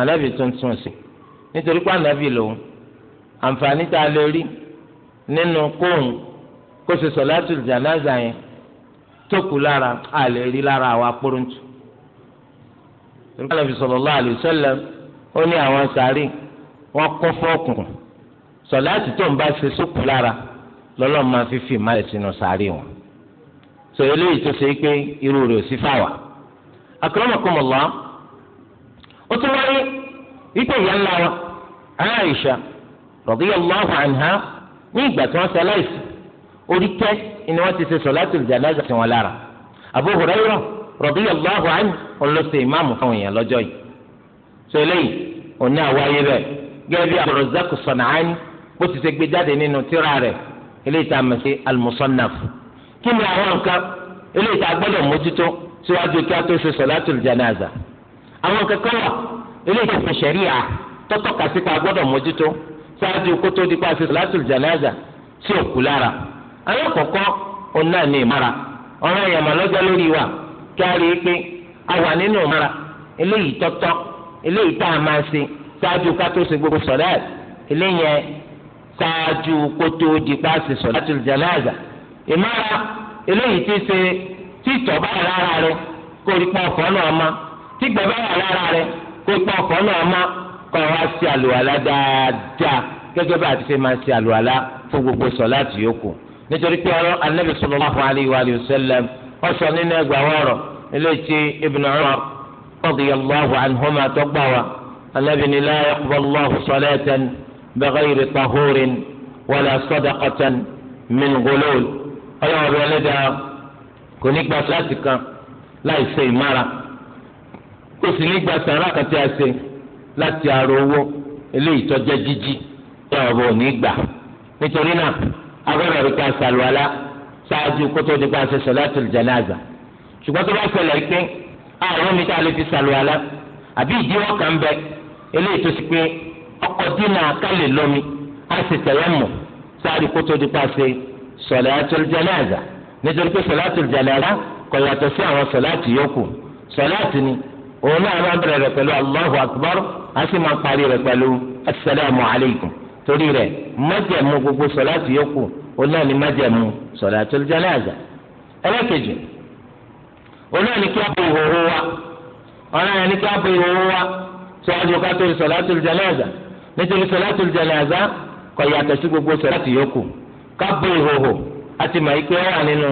anabi tó ń tún sí nítorí pé anabi lòun àǹfààní tá a lè rí nínú kóun kó ṣe sọláàtù jẹnáza yẹn tó lára a lè rí lára àwa kpóróntù. anabi sallallahu alaihi wasallam ó ní àwọn sáré wọn kún fún òkùnkùn sọláàtì tó ń bá ṣe sókù lára lọ́lọ́run máa fi fi máa sínú sáré wọn sọ eléyìí tó ṣe é pé irú rẹ̀ ò sí fáwà. akramakumullah ó tún wáyé wípé ìyá ńlá wa Aisha radiyallahu anha ní ìgbà tí wọ́n ṣe aláìsí orí kẹ́ ni wọ́n ti ṣe sọ̀látùl jánásà sí wọn lára Abu Hurairah radiyallahu anhu ọlọ́sẹ̀ ìmáàmù fáwọn èèyàn lọ́jọ́ yìí. sọ eléyìí òní àwáyé bẹ́ẹ̀ gẹ́gẹ́ bí Abdurrazzaq San'ani bó ti ṣe gbé jáde nínú tírà rẹ̀ eléyìí tá a mọ̀ sí al-Musannaf kí ni àwọn nǹkan eléyìí tá a gbọ́dọ̀ mójútó síwájú kí a tó ṣe sọ̀látùl janaza àwọn kankan wà eléyìí tó fi ṣẹ̀ríà tọ́tọ̀ kà sí pa gbọ́dọ̀ mójútó síwájú kó tó di pa ṣe sọ̀látùl janaza sí òkú lára àwọn kọ̀ọ̀kan òun náà ní ìmára ọ̀rọ̀ ìyàmọ̀ lórí wa kí a rí i pé a wà nínú ìmára eléyìí tọ́tọ́ eléyìí tá a máa ṣe ṣáájú ká tó ṣe gbogbo sọ̀láàt eléyẹn ṣáájú kó tó di páàsì sọ̀láàtul jánásà ìmára eléyìí ti ṣe tí ìtọ̀ bá wà lára rẹ kó rí pa ọ̀fọ́ náà mọ́ tí ìgbẹ́ bá wà lára rẹ kó rí pa ọ̀fọ́ náà mọ́ kọ́ wá sí àlùwàlá dáadáa gẹ́gẹ́ bá a ti ṣe máa ṣe àlùwàlá fún gbogbo sọ̀láàt yòókù nítorí pé ọ̀rọ̀ Ànábì sallallahu alayhi wa sallam ó sọ radiyallahu anhuma tó gbà wá anábìnrin la yaqballahu salatan bighayri tahurin wala sadaqatan min ghulul ọlọ́wọ́ bí ẹlẹ́dàá kò ní gba sọ́láàtì kan láì ṣe ìmára kò sì ní gba sàrà kan tí a ṣe láti àrò owó eléyìí tọ́jẹ́ jíjí ọlọ́wọ́ bò ní gbà nítorí náà agbọ́dọ̀ rí ká sàlùwalá ṣáájú kótó dípa ṣe sọ́láàtì janaza ṣùgbọ́n tó bá ṣẹlẹ̀ pé àwọn ah, omi tá a lè fi sàlùwàlá àbí ìdíwọ́ kan bẹ eléyìí tó ti pé ọkọ̀ dínà kálẹ̀ lómi á sì tẹ̀yẹ̀ mọ̀ sáré kótó dípa ṣe sọ̀látul jánásà nítorí pé sọ̀látul jánásà kò yàtọ̀ sí àwọn sọ̀láàtì yòókù sọ̀láàtì ni òun náà máa bẹ̀rẹ̀ rẹ̀ pẹ̀lú allahu akbar á sì máa parí rẹ̀ pẹ̀lú asalaamu alaykum torí rẹ̀ májẹ̀mú gbogbo sọ̀láàtì yòókù òun náà ni májẹ̀mú sọ̀láàtul jánásà ẹlẹ́kejì ọ̀nà ni kí a bo ìhòòhò wa ọ̀nà ni kí a bo ìhòòhò wa síwájú ká tó sọ̀látù jánásà nítorí sọ̀látù jánásà kò yàtọ̀ sí gbogbo sọ̀látù yòókù ká bo ìhòòhò àti màá ikú wà nínú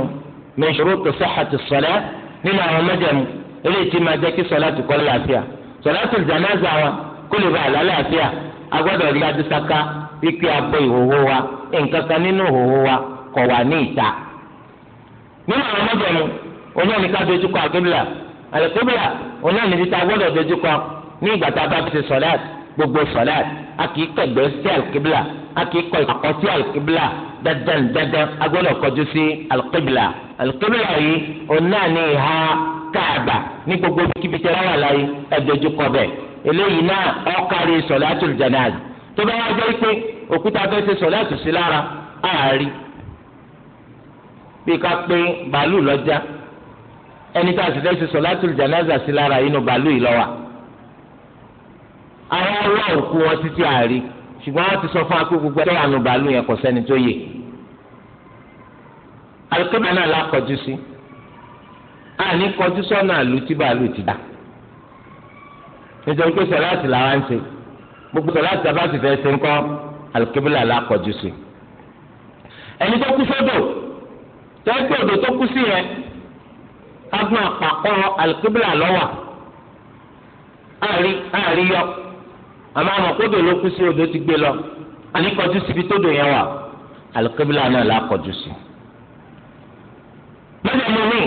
min shurutu sihhati salat nínú àwọn mẹ́jẹ̀mú eléyìí tí máa jẹ́ kí sọ̀látù kó láàfíà sọ̀látù jánásà wa kó lè ba àlàáfíà agbọ́dọ̀ rí adúsáká wípé abo ìhòòhò wa nǹkan kan nínú ìhòòhò onáà ní ká dojú kọ àkébìlà àlẹkébìlà onáà níbi tá a gbọ́dọ̀ dojú kọ ní ìgbà tá a bá ti sọláàt gbogbo sọláàt a kì í kẹgbẹ sí àlẹkébìlà a kì í kọ ìkọkọ sí àlẹkébìlà dandan dandan a gbọ́dọ̀ kọjú sí àlẹkébìlà àlẹkébìlà yìí onáà ní ìhà káàbà ní gbogbo kíbi tẹ wà láyé ẹ kọ bẹ́ẹ̀ eléyìí náà ọkàrí sọláàtù jẹnáàzì tó bá wá jẹ́ pé òkúta fẹ́ ṣe sọláàtù sí lára àárí bí ká pé bàálù lọ́jà ẹni tí a sì fẹ́ ṣe sọ̀látùl jánásà sí lára inú bàálù yìí lọ́wọ́ àwọn ọwọ́ òkú wọn títí àárí ṣùgbọ́n wọ́n ti sọ fún akókò gbẹ́ tẹ́wà nù bàálù yẹn kò sẹ́ni tó yẹ alùpùpù náà la kọjú sí àní kọjú sọ́nà àlù tí bàálù ti dá nítorí pé sọ̀láàtì làwa ń ṣe gbogbo sọ̀láàtì tá a bá sì fẹ́ ṣe ń kọ́ alùpùpù náà la kọjú sí ẹni tó kú sódò tó kú sí yẹn kágbọn àpapọ̀ alikibla lọ́wà àárí àárí yọ àmọ́ àwọn kódò ló kú sí odò ti gbé lọ àníkọjú síbi tódò yẹn wà alikibla náà là kọjú sí. mẹ́jọ mi ní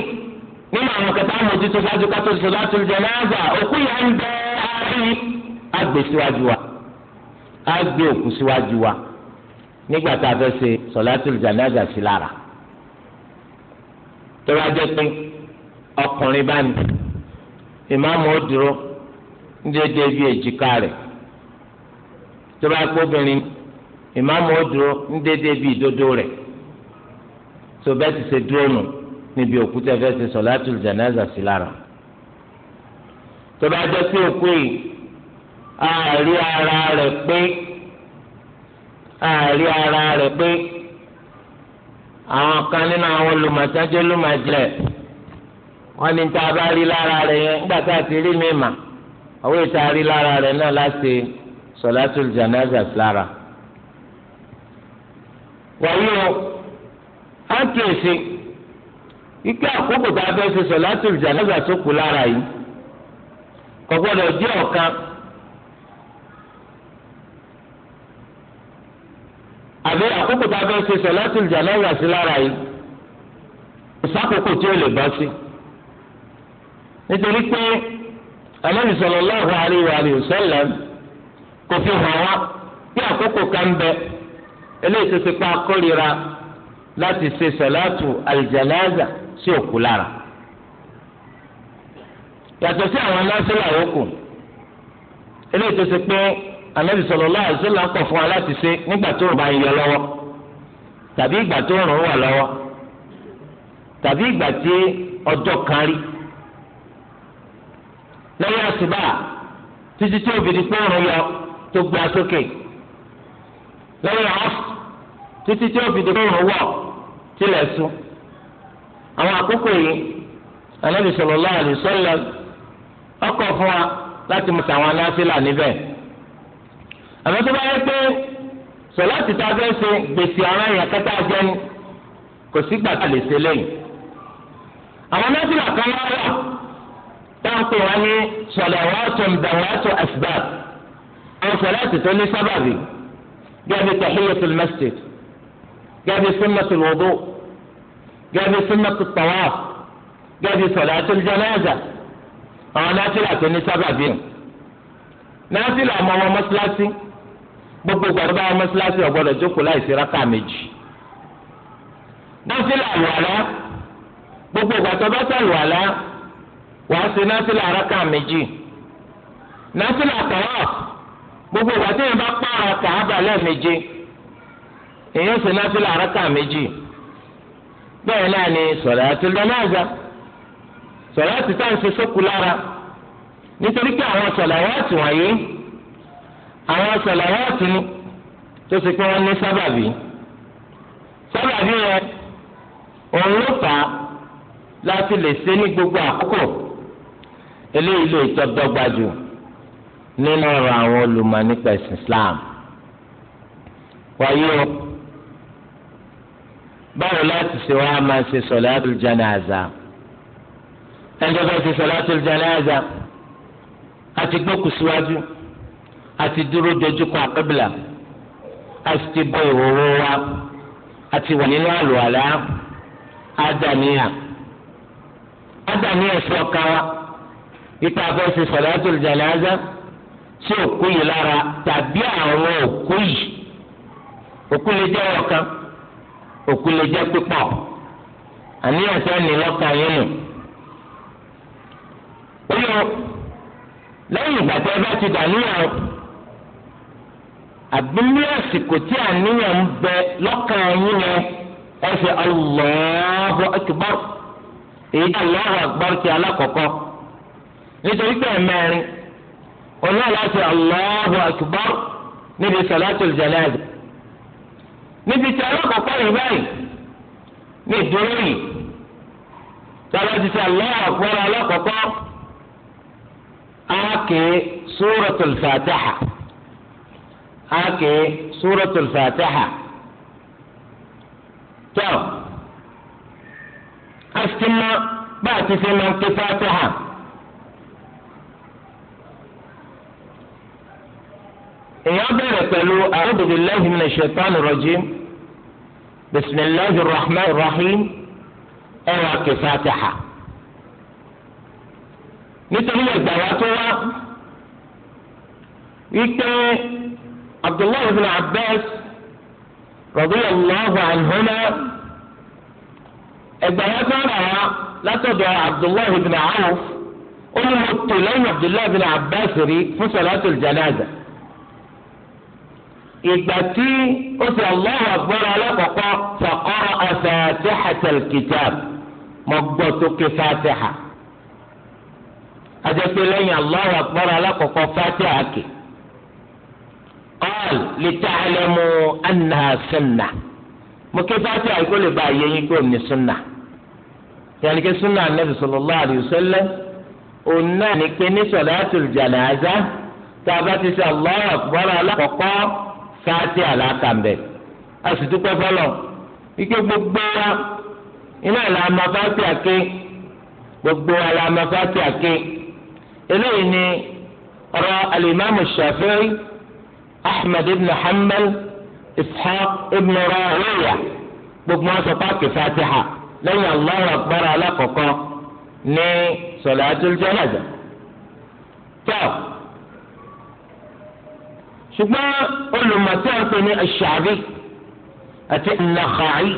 nínú àwọn kẹta àmójútó ṣáájú kátó ṣe láti lè jẹun náà òkú yà ń bẹ àárí àgbè síwájú wa àgbè òkú síwájú wa nígbà tá a fẹ́ ṣe sọ̀látùl jánásà sí lára tó bá jẹ́ pé ọkùnrin bá ní ìmáàmù ó dúró déédéé bí èjìká rẹ̀ tó bá kó obìnrin ìmáàmù ó dúró déédéé bí ìdodo rẹ̀ tó bẹ́ẹ̀ ti ṣe dúró nù níbi òkúta fẹ́ ṣe sọ̀látùl jánásà sí lára tó bá jẹ́ pé òkú yìí àárí ara rẹ̀ pé àárí ara rẹ̀ pé àwọn kan nínú àwọn olùmọ̀tánjẹ́ ló wọ́n ní tá a bá rí lára rẹ̀ yẹn nígbà tá a ti rí mi mà àwọn ètò àrí lára rẹ̀ náà láti sọ̀látù janaza lára. wàyí o á kíyèsí ike àkókò tá a fẹ́ ṣe sọ̀látù janaza sókù lára yìí kò gbọ́dọ̀ jẹ́ ọ̀kan. àbí àkókò tá a fẹ́ ṣe sọ̀látù janaza sí lára yìí ìsákòókò tí ó lè bọ́ sí. Si nítorí pé Ànábì sallallahu alaihi wa sallam kò fi hàn wá bí àkókò kan bẹ eléyìí tó ti pa kórìíra láti ṣe sàlátù àlìjàláza sí òkú lára yàtọ̀ sí àwọn násìlà òkú eléyìí tó ti pé Ànábì sallallahu alaihi wa sallam kọ̀ fún wa láti ṣe nígbà tó o bá ń yọ lọ́wọ́ tàbí ìgbà tó ń rùn wà lọ́wọ́ tàbí ìgbà tí ọjọ́ kan rí lẹ́yìn àsùbà títí tí òbí pé òrùn yọ tó gba sókè lẹ́yìn ọf títí tí òbí pé òrùn wọ̀ tilẹ̀ sùn àwọn àkókò yìí Ànábì sallallahu alaihi wasallam ọkọ fún wa láti mọ sàwọn aláṣẹlà níbẹ̀ àmọ́ tó bá yẹ pé sọlá ti ta fẹ́ ṣe gbèsè àwọn èèyàn kẹta jẹun kò sígbà tá a lè ṣe lẹ́yìn àwọn aláṣẹlà kan wá wà táwọn pè wá ní sọlẹwàtò ndàwàtò asbab àwọn sọlẹtì tó ní sábàbí gẹbi tahiyatul masjid gẹbi sunnatul wudu gẹbi sunnatul tawaf gẹbi sọlẹtul janaza àwọn nátìlà tó ní sábàbí nátìlà ọmọ wọn mọ́sálásí gbogbo gbàdúrà wọn mọ́sálásí ọ̀gbọ́dọ̀ jókòó láìsí rákà méjì nátìlà àlùwàlá gbogbo gbàdúrà wàá se násìlà àràkà méjì násìlà tàwà gbogbo ìgbà tí yẹn bá pààrà kàábà lẹ́ẹ̀méje èyàn ṣe násìlà àràkà méjì bẹ́ẹ̀ náà ni sọ̀láàtì jánásà sọ̀láàtì tá à ń sókù lára nítorí pé àwọn àwọn ni tó ṣe pé wọ́n ní sábàbí sábàbí yẹn òun gbogbo àkókò. eléyìí lè tọ́ dọ́gba jù nínú ọ̀rọ̀ àwọn olùmọ̀ nípa ẹ̀sìn Islam wáyé o báwo láti ṣe wá máa ṣe sọ̀láàtù jánásà ẹnjọ́ bá ṣe sọ̀láàtù jánásà àti gbókù síwájú àti dúró dojú kọ àkébìlà àti ti bọ ìhòòhò wa àti wà nínú àlùwàlá àdàníyà àdàníyà sí ọkà wa ipa afẹ́sẹ̀ sọ̀látùl jànáza sí òkú yìí lára tàbí àwọn òkú yìí òkú lè jẹ́ ọ̀kan òkú lè jẹ́ pípọ̀ àníyàn sẹ́ni lọ́kàn yín nù. ó yọ lẹ́yìn ìgbà tí ẹ bá ti dà níyàn àbílẹ̀ àsìkò tí àníyàn ń bẹ lọ́kàn yín yẹn ẹ fi Allahu akbar èyí Allahu akbar ti alákọ̀ọ́kọ́ nítorí pé ẹ̀mẹ́rin ọ̀nà láti Allahu Akbar níbi salatul janaza níbi tí alákọ̀ọ́kọ́ yìí báyìí ní ìdúró yìí tọ́lá ti sẹ́ Allahu Akbar alákọ̀ọ́kọ́ ákè suratul fatiha ákè suratul fatiha tọ́ asitima bá a ti sẹ́ máa ń ké fatiha. يبدا قالوا اعوذ بالله من الشيطان الرجيم بسم الله الرحمن الرحيم انا اراك فاتحه نتلو هو إيكا عبد الله بن عباس رضي الله عنهما هو لا تدعى عبد الله بن عوف أم الطلين عبد الله بن عباس في صلاة الجنازة ìgbà tí ó ti Allahu Akbar alákọ̀ọ́kọ́ sàkọ́rọ̀ ọ̀sàtì hàtàlkìtàb mọ́ gbọ́ sókè fàtìhà. àjẹpẹ́ lẹ́yìn Allahu Akbar alákọ̀ọ́kọ́ fàtìhà kì. qal lita'lamu annaha sunnah. mo ké fàtìhà kó lè bá ayé yín kó ní sunna. yàrá ké sunna anabi sallallahu alayhi wa sallam òun ní pé ní salatul janaza tá a bá ti sẹ́ Allahu Akbar alákọ̀ọ́kọ́ káàtì àlàkà mbẹ asùtúpẹ fọlọ ike gbogbo wa iná ìlà amafáàtì àké gbogbo wa ìlà amafáàtì àké eléyìí ni ọ̀rọ̀ alimami shafi'i ahmed ibn hanbal ishaq ibn rawiya gbogbo wọn sọ páàkì fatiha lẹ́yìn allahu akbar alakọkọ ní sọlá àti náà jẹ tó. ṣùgbọ́n olùmọ̀tí ọ̀pẹ ní aṣàbí àti nàkàáyí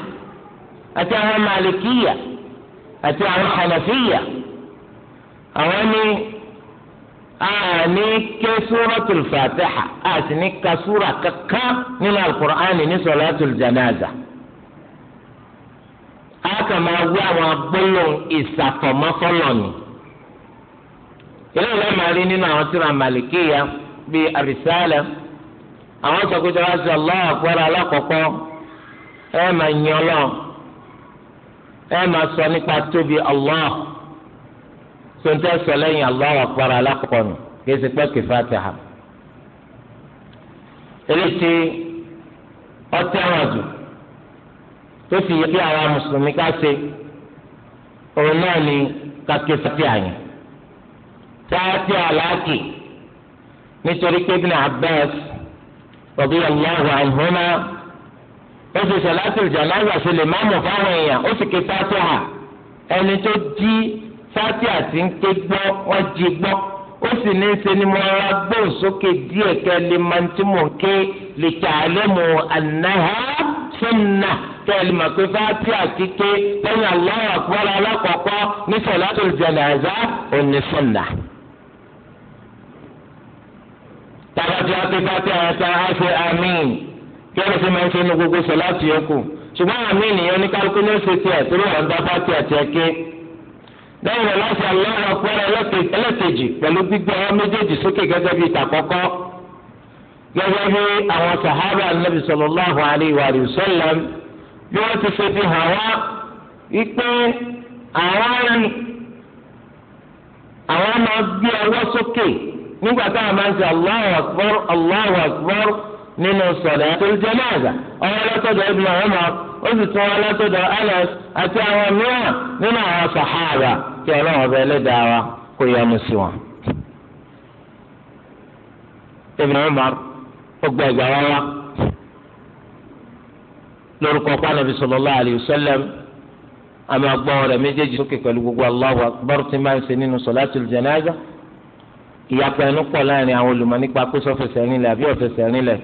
àti àwọn màlìkíyà àti àwọn hànàfíyà àwọn ní àní ké súratul fàtíhà àti ní ka súra kankan nínú alukur'ani ní sọlátul janaza a kà máa wí àwọn agbóhùn ìsàfọ̀mọ́fọ́lọ́nù ìlú ìlú màrí nínú àwọn tíra màlìkíyà bíi àrísálẹ̀. àwọn sọ pé tí wọ́n á sọ Allahu Akbar alákọ̀ọ́kọ́ ẹ máa yan ọlọ́ọ̀ ẹ máa sọ nípa tóbi Allah sọ̀tẹ́ sọ lẹ́yìn Allahu alákọ̀ọ́kọ́ nù kí ẹsẹ̀ pẹ́ kí Fatiha. eléyìí ọtí àwọn àjò tó yẹ kí àwọn mùsùlùmí ká ṣe òun náà ni ká kí Fatiha yẹn. Fatiha làákì nítorí pé Ibn radiyallahu anhuma ó ṣe sọ̀látì jánásà ṣe lè má mọ̀ fáwọn èèyàn ó sì ké fátíhà ẹni tó jí fátíhà ti ń ké gbọ́ wọ́n jí gbọ́ ó sì ní í ṣe ni mo ra gbóhùn sókè díẹ̀ kẹ́ lè máa tí mò ń ké lè ta'lamu annaha sunnah kẹ́lí mà pé fátíà kíké lẹ́yìn Allahu akbar alákọ̀ọ́kọ́ ní sọ̀látù jánásà òní sunnah. tàbá tí akụkọ ti fàtí àyàtà àṣẹ àmín kí wọ́n ti máa ń ṣe ní gbogbo sọ láti yòókù ṣùgbọ́n àmín nìyẹn ní kálukú ní oṣù tiẹ̀ torí wọ́n dá fàtí àti ẹ̀kẹ́ lẹ́yìn rẹ̀ láti aláwọ̀ ọpẹ́rẹ́ ẹlẹ́kejì pẹ̀lú gbígbé ọwọ́ méjèèjì sókè gẹ́gẹ́ gẹ́gẹ́ bí àwọn sàhábà nàbì sallallahu alaihi wa bí wọ́n ti ṣe fi hàn wá wípé àwọn nígbà tá a máa ń ṣe Allahu Akbar Allahu Akbar nínú sọlẹ salatul ọwọ ọ̀rọ̀ lọ́tọ̀dọ̀ Ibn Umar ó sì tún wọn lọ́tọ̀dọ̀ Anas àti àwọn mìíràn nínú àwọn sàhábà tí ọlọ́run ọba ẹlẹ́dàá wa kó yẹ mu sí wọn. Ibn Umar ó gba ẹgbẹ wọn wá lórúkọ pàlọbí sọlọ alayhi wa sallam àmì àgbọn rẹ méjèèjì sókè pẹ̀lú gbogbo Allahu Akbar tí máa ń ṣe nínú salatul janaza. ìyapa ẹnu pọ̀ láàrin àwọn olùmọ̀ nípa pé sọ fẹsẹ̀ rinlẹ̀ àbí ọ̀fẹsẹ̀ rinlẹ̀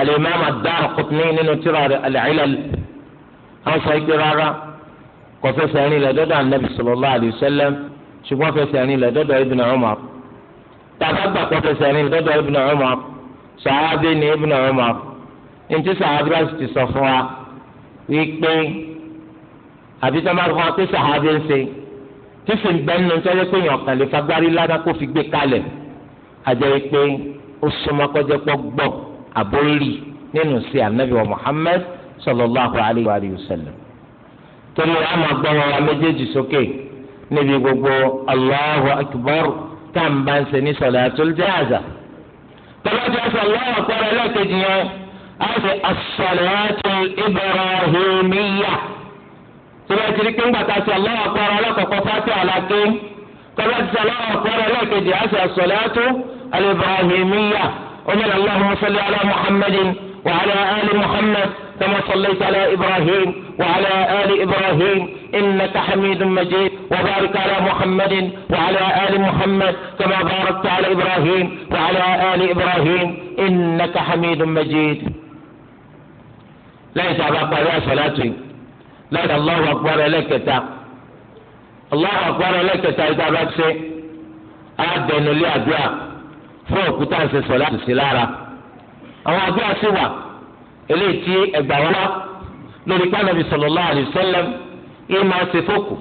alimami ad-Daraqutni nínú tírà rẹ̀ al-Ilal àwọn sọ ike rárá kò fẹsẹ̀ rinlẹ̀ dọ́dọ̀ anabi sallallahu alayhi wa sallam ṣùgbọ́n fẹsẹ̀ rinlẹ̀ dọ́dọ̀ ibn Umar tàbá gbà kó fẹsẹ̀ rinlẹ̀ dọ́dọ̀ ibn Umar sàábé ni ibn Umar ntí sàábé bá ti sọ fún wa wípé àbí sọ ma fún wa pé sàábé ń ṣe tí sì ń bẹ nínú tọ́jú pé èèyàn kàn lè fagbárí ládàá kó fi gbé kalẹ̀ àjẹ́ pé ó súnmọ́ kọjá pọ̀ gbọ́ àbórí nínú sí anabi wa Muhammad sallallahu alayhi wa sallam torí wọn a máa gbọ́ wọn wa méjèèjì sókè níbi gbogbo Allahu akbar tá à ń bá ń ṣe ní salatul janaza tọ́lá ti sọ Allahu akbar ẹlẹ́kejì yẹn a ṣe as-salatu al-ibrahimiyya. tọ́lá ti rí pé ńgbà tá a ṣe Allahu Akbar alákọ̀ọ́kọ́ fásitì aláké tọ́lá ti ṣe Allahu Akbar ẹlẹ́ẹ̀kejì àṣẹ as-salatu al-ibrahimiyya ọmọ Allahumma salli ala Muhammadin wa ala ali Muhammad كما صليت على إبراهيم وعلى آل إبراهيم إنك حميد مجيد وبارك على محمد وعلى آل محمد كما باركت على إبراهيم وعلى آل إبراهيم إنك حميد مجيد لا يتعبق عليها صلاته lẹ́yìn Allahu akbar ẹlẹ́kẹta Allahu akbar ẹlẹ́kẹta ìta bá ṣe àdẹnulẹ̀ àdúrà fún òkúta ṣe sọ láti ṣe lára àwọn àdúrà sì wà eléyìí tí ẹgbà wọn wá lórí pàdánù sallallahu alaihi wasallam yìí máa ṣe fókù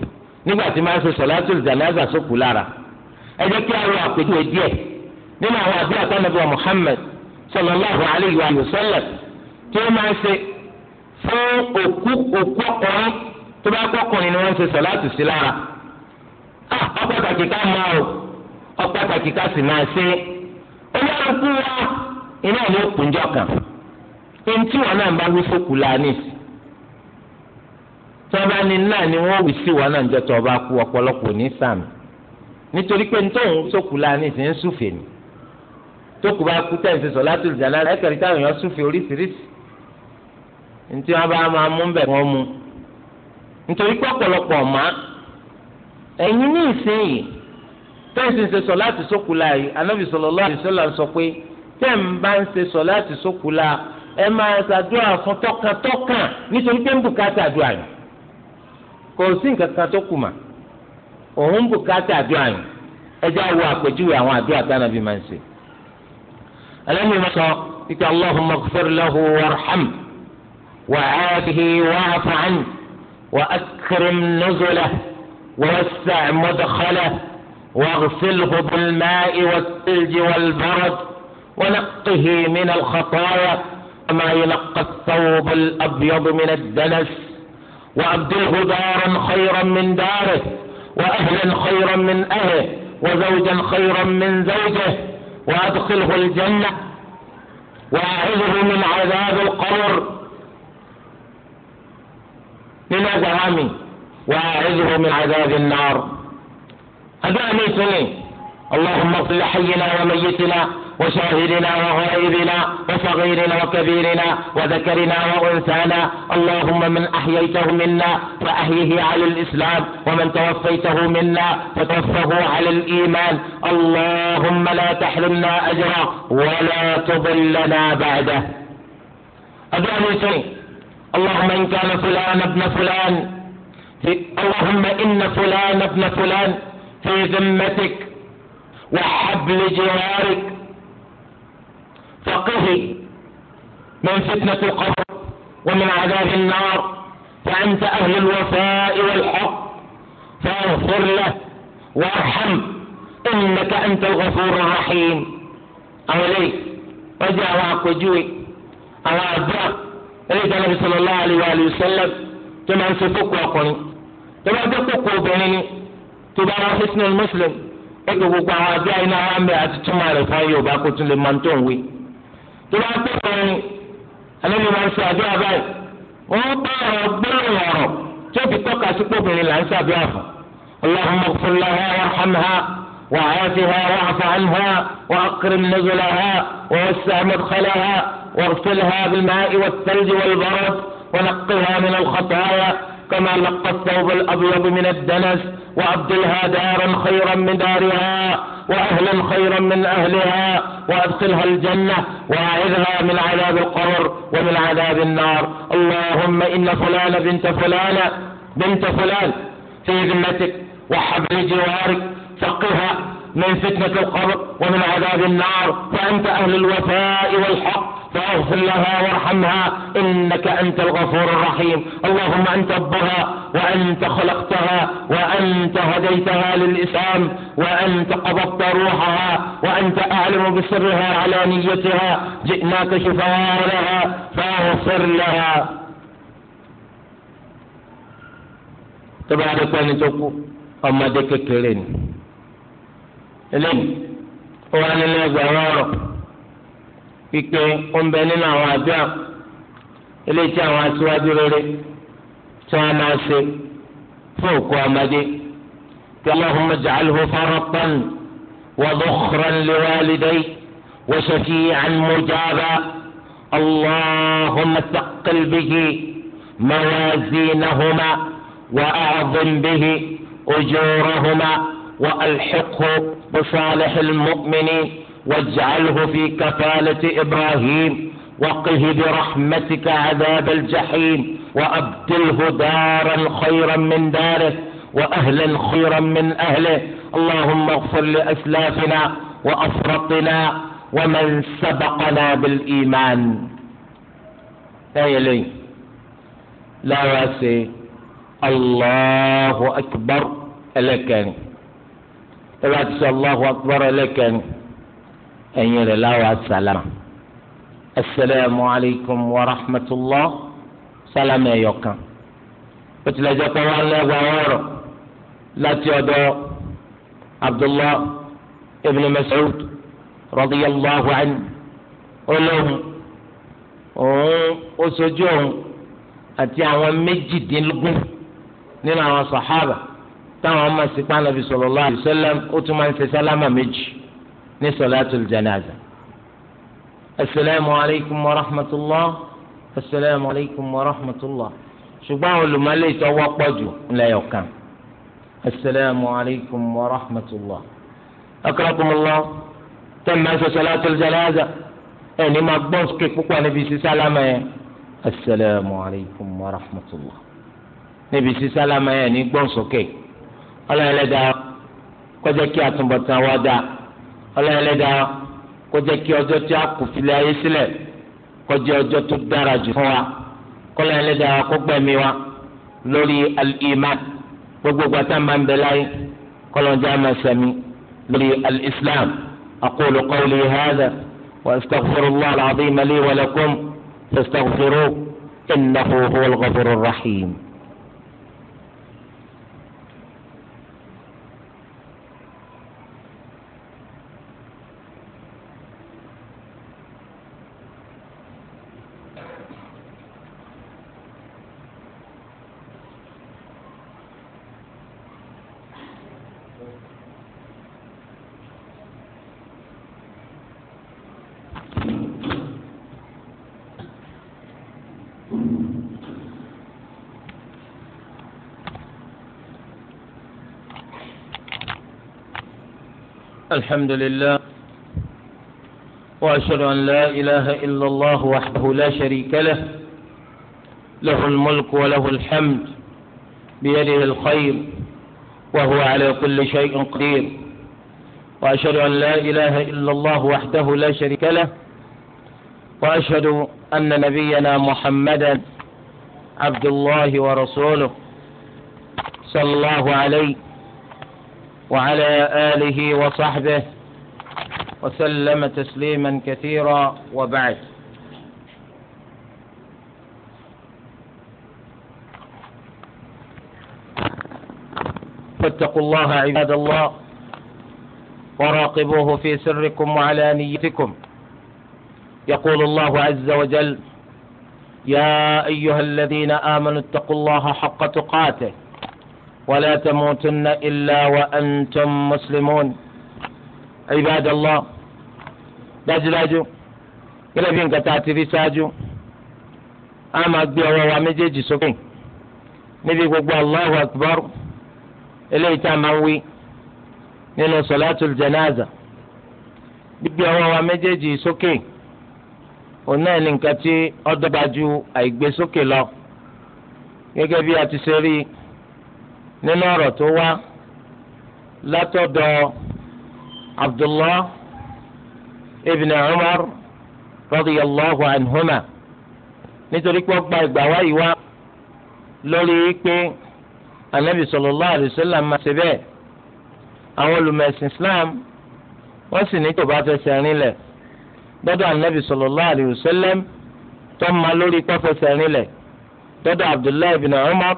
nígbà tí máa ṣe sọ̀látù janaza sókù lára ẹ jẹ́ kí a rọ àpèjúwe díẹ̀ nínú àwọn àdúrà tánàbí wa Muhammad sallallahu alaihi wa fún òkú òkú ọkùnrin tó bá gbọ́kùnrin ni wọ́n ń ṣe sọ̀láàtì sí lára. ọ̀pọ̀tàkì ah, ká máa o ọ̀pọ̀tàkì ká sì máa ṣe. olórúkú wa iná ni ó kùn jọ kàn. ohun tí wọn náà bá wí sókù lánìí. tí wọn bá ní náà ni wọn wì sí wọn náà jọ tó ọba kú ọ̀pọ̀lọpọ̀ ní sàmì. nítorí pé nítorí sókù lánìí sì ń súfè ní. tó kù bá kú tẹ̀ ń ṣe sọ̀láàtì ìjàlá ẹ̀kẹ́rì táwọn èèyàn súfè oríṣiríṣi ntí wọn bá máa mú bẹ wọn mu nítorí pé ọ̀pọ̀lọpọ̀ ọ̀ma ẹ̀yin ní ìsinyìí tẹ́sí ń ṣe sọ láti sókùlà yìí anábì sallallahu alaihi wasallam sọ pé tẹ́ ń bá ń ṣe sọ láti sókùlà ẹ máa ṣàdúrà fún tọkàntọkàn nítorí pé ń bùkátà kò sí nǹkan kan tó kù mà òun ń bùkátà àpèjúwe àwọn àdúrà máa ń ṣe. máa sọ وعافه واعف عنه وأكرم نزله ووسع مدخله واغسله بالماء والثلج والبرد ونقه من الخطايا كما يلقى الثوب الأبيض من الدنس وأبدله دارا خيرا من داره وأهلا خيرا من أهله وزوجا خيرا من زوجه وأدخله الجنة وأعذه من عذاب القبر من ọgbà وأعذه من عذاب النار هذا àdáàbí اللهم اغفر لحينا وميتنا وشاهدنا وغائبنا وصغيرنا وكبيرنا وذكرنا وانثانا اللهم من احييته منا فاحيه على الاسلام ومن توفيته منا فتوفه على الايمان اللهم لا تحرمنا اجره ولا تضلنا بعده. أدعو اللهم إن كان فلان ابن فلان في اللهم إن فلان ابن فلان في ذمتك وحبل جوارك فقه من فتنة القبر ومن عذاب النار فأنت أهل الوفاء والحق فاغفر له وارحم إنك أنت الغفور الرحيم أولي ọjà àwọn àpèjúwe àwọn ẹni ìjọba bí sallallahu alaihi wa sallam tó máa ń ṣe kókó ọkùnrin tó bá dé kókó obìnrin ni tó bá wọn fẹsẹ̀ ní mùsùlùm ẹgbẹ́ gbogbo àwọn abẹ́ àyínà wa ń bẹ àti túmọ̀ rẹ̀ fún Yorùbá kó tún lè máa ń tó ń wí. tó bá dé kọrin alẹ́ mi máa ń ṣe àdúrà báyìí wọ́n bá ọ̀rọ̀ gbẹ́rùn ọ̀rọ̀ tó fi tọ́ka sí kóbìnrin là ń ṣàdúrà fún. Allahumma ighfir laha warhamha واغسلها بالماء والثلج والبرد ونقها من الخطايا كما نقى الثوب الأبيض من الدنس وأبدلها دارا خيرا من دارها وأهلا خيرا من أهلها وأدخلها الجنة وأعذها من عذاب القبر ومن عذاب النار اللهم إن فلان بنت فلان بنت فلان في ذمتك وحبل جوارك فقها من فتنة القبر ومن عذاب النار فأنت أهل الوفاء والحق فاغفر لها وارحمها إنك أنت الغفور الرحيم اللهم أنت ربها وأنت خلقتها وأنت هديتها للإسلام وأنت قبضت روحها وأنت أعلم بسرها على نيتها جئناك شفاء لها فاغفر لها تبارك ونتوكو أما ديك كلين لين وأنا لا pípé ó nínú àwọn nínú àwọn àdúrà eléyìí tí àwọn aṣíwájú rere tí wọn máa ṣe fún òkú ọmọdé kí Allahumma ij'alhu faratan wa dhukhran liwalidayhi wa shafi'an mujaba Allahumma thaqqil bihi mawazinahuma wa a'zim bihi ujurahuma wa alhiqhu bisalihil mu'minin. واجعله في كفالة إبراهيم وقه برحمتك عذاب الجحيم وأبدله دارا خيرا من داره وأهلا خيرا من أهله اللهم اغفر لأسلافنا وأفرطنا ومن سبقنا بالإيمان هيا لي لا واسي الله أكبر لك تبعت الله أكبر لك ẹ̀yìn rẹ̀ láwọn asalama asalaamu alaykum wa rahmatulah salama ẹ̀yọ̀kan ó tilẹ̀ jẹ́ pé wọ́n lẹ́gbàá ọ̀rọ̀ láti ọ̀dọ̀ abdullah ibn mas'ud radiyallahu anhu olóhùn òun ó sojú òun àti àwọn méjìdínlógún nínú àwọn sàhábà táwọn ọmọ sípà nàbì sallallahu alaihi ó tún máa ń ṣe sálámà méjì ní sọláàtúl janaza asalaamu alaykum wa rahmatulah asalaamu alaykum wa rahmatulah ṣùgbọ́n àwọn olùmọ̀lẹ́ ìtọ́wọ́ pọ̀ jù ńlẹ́yọ̀ kan asalaamu alaykum wa rahmatulah akarakumullah tẹ́lẹ̀ máa ń sọ sọláàtúl janaza ẹ̀ ní ma gbọ́n sókè púpọ̀ níbi sísálámà yẹn asalaamu alaykum wa rahmatulah níbi sísálámà yẹn ní gbọ́n sókè ọlọ́yẹlẹ́dàá kọjá kí àtúbọ̀tán wá dáa ọlọ́ọ̀lẹ́dàá kó jẹ́ kí ọjọ́ tí a kù filẹ̀ ayé sílẹ̀ kó jẹ́ ọjọ́ tó dára jù fún wa kọ́lọ́ọ̀lẹ́dàá kó gbẹ̀mí wa lórí al-iman gbogbo gbàtà máa ń bẹ láyé kọ́lọ́ọ̀dà máa sẹ́mi lórí al-islam aqulu qawli hadha wa astaghfirullah al-azim li wa lakum fastaghfiruhu innahu huwal ghafurur rahim. الحمد لله واشهد ان لا اله الا الله وحده لا شريك له له الملك وله الحمد بيده الخير وهو على كل شيء قدير واشهد ان لا اله الا الله وحده لا شريك له واشهد ان نبينا محمدا عبد الله ورسوله صلى الله عليه وعلى آله وصحبه وسلم تسليما كثيرا وبعد فاتقوا الله عباد الله وراقبوه في سركم وعلى نيتكم يقول الله عز وجل يا أيها الذين آمنوا اتقوا الله حق تقاته ولا تموتن إلا وأنتم مسلمون عباد الله dájúdájú gẹ́gẹ́ bí nǹkan tá a ti rí ṣáájú a máa gbé ọwọ́ wa méjèèjì sókè níbi gbogbo Allahu Akbar eléyìí tá a máa ń wí nínú sọ̀látùl janaza gbígbé ọwọ́ wa méjèèjì sókè òun náà ní nǹkan tí ó dọ́gba ju àìgbé sókè lọ gẹ́gẹ́ bí a ti ṣe rí i nínú ọ̀rọ̀ tó wá látọ̀dọ̀ abdullah ibn umar radiyallahu anhuma nítorí pé ọgbà ìgbà wá yìí wá lórí pé anabi sallallahu alayhi wa sallam máa ṣe bẹ́ẹ̀ àwọn olùmẹ̀sìn islam wọ́n sì ní tó bá fẹsẹ̀ rinlẹ̀ dọ́dọ̀ anabi sallallahu alayhi wa sallam tó máa lórí pẹ́fẹsẹ̀ rinlẹ̀ dọ́dọ̀ abdullahi ibn umar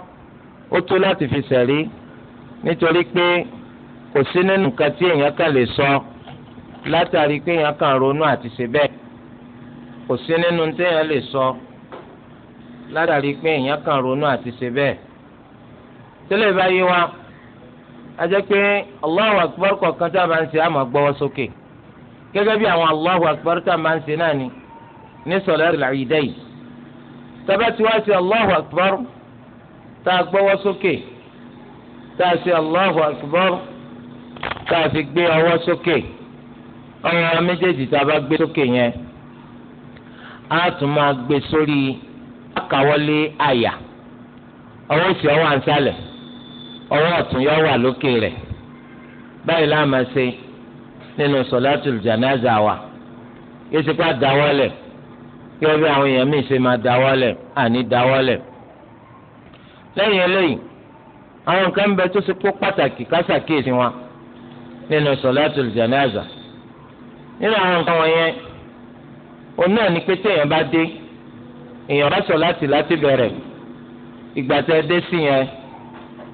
ó tó láti fi sẹ̀rí nítorí pé kò sí nínú nǹkan tí èèyàn kan lè sọ látàrí pé èèyàn kan ronú àti ṣe bẹ́ẹ̀ kò sí nínú tí èèyàn lè sọ látàrí pé èèyàn kan ronú àti ṣe bẹ́ẹ̀ tẹ́lẹ̀ báyìí wá a jẹ́ pé Allahu Akbar kọ̀ọ̀kan tá a máa ń ṣe àmọ́ gbọ́wọ́ sókè gẹ́gẹ́ bí àwọn Allahu Akbar tá a máa ń ṣe náà ni ní sọ̀lá ìlà ìdẹ́yì tọ́ba tá a gbọ́wọ́ sókè tá a ṣe Allahu Akbar tá a fi gbé ọwọ́ sókè ọwọ́ méjèèjì tá a bá gbé sókè yẹn a tún máa gbé sórí àkàwọlé àyà ọwọ́ òsì ọwọ́ ànsálẹ̀ ọwọ́ ọ̀tún yọ wà lókè rẹ̀ báyìí la ṣe nínú sọ̀látùl jànáza wa yéṣe pa dáwọ́lẹ̀ kí ẹ bí àwọn èèyàn míì ṣe máa dáwọ́lẹ̀ àní dáwọ́lẹ̀ lẹ́yìn eléyìí àwọn nǹkan bẹ tó ṣe kó pàtàkì kásàkéèsì wọn nínú sọláàtùl jánásà nínú àwọn nǹkan wọ̀nyẹn òun náà ni pé téèyàn bá dé èèyàn bá sọ láti láti bẹ̀rẹ̀ ìgbà tẹ́ dé sí yẹn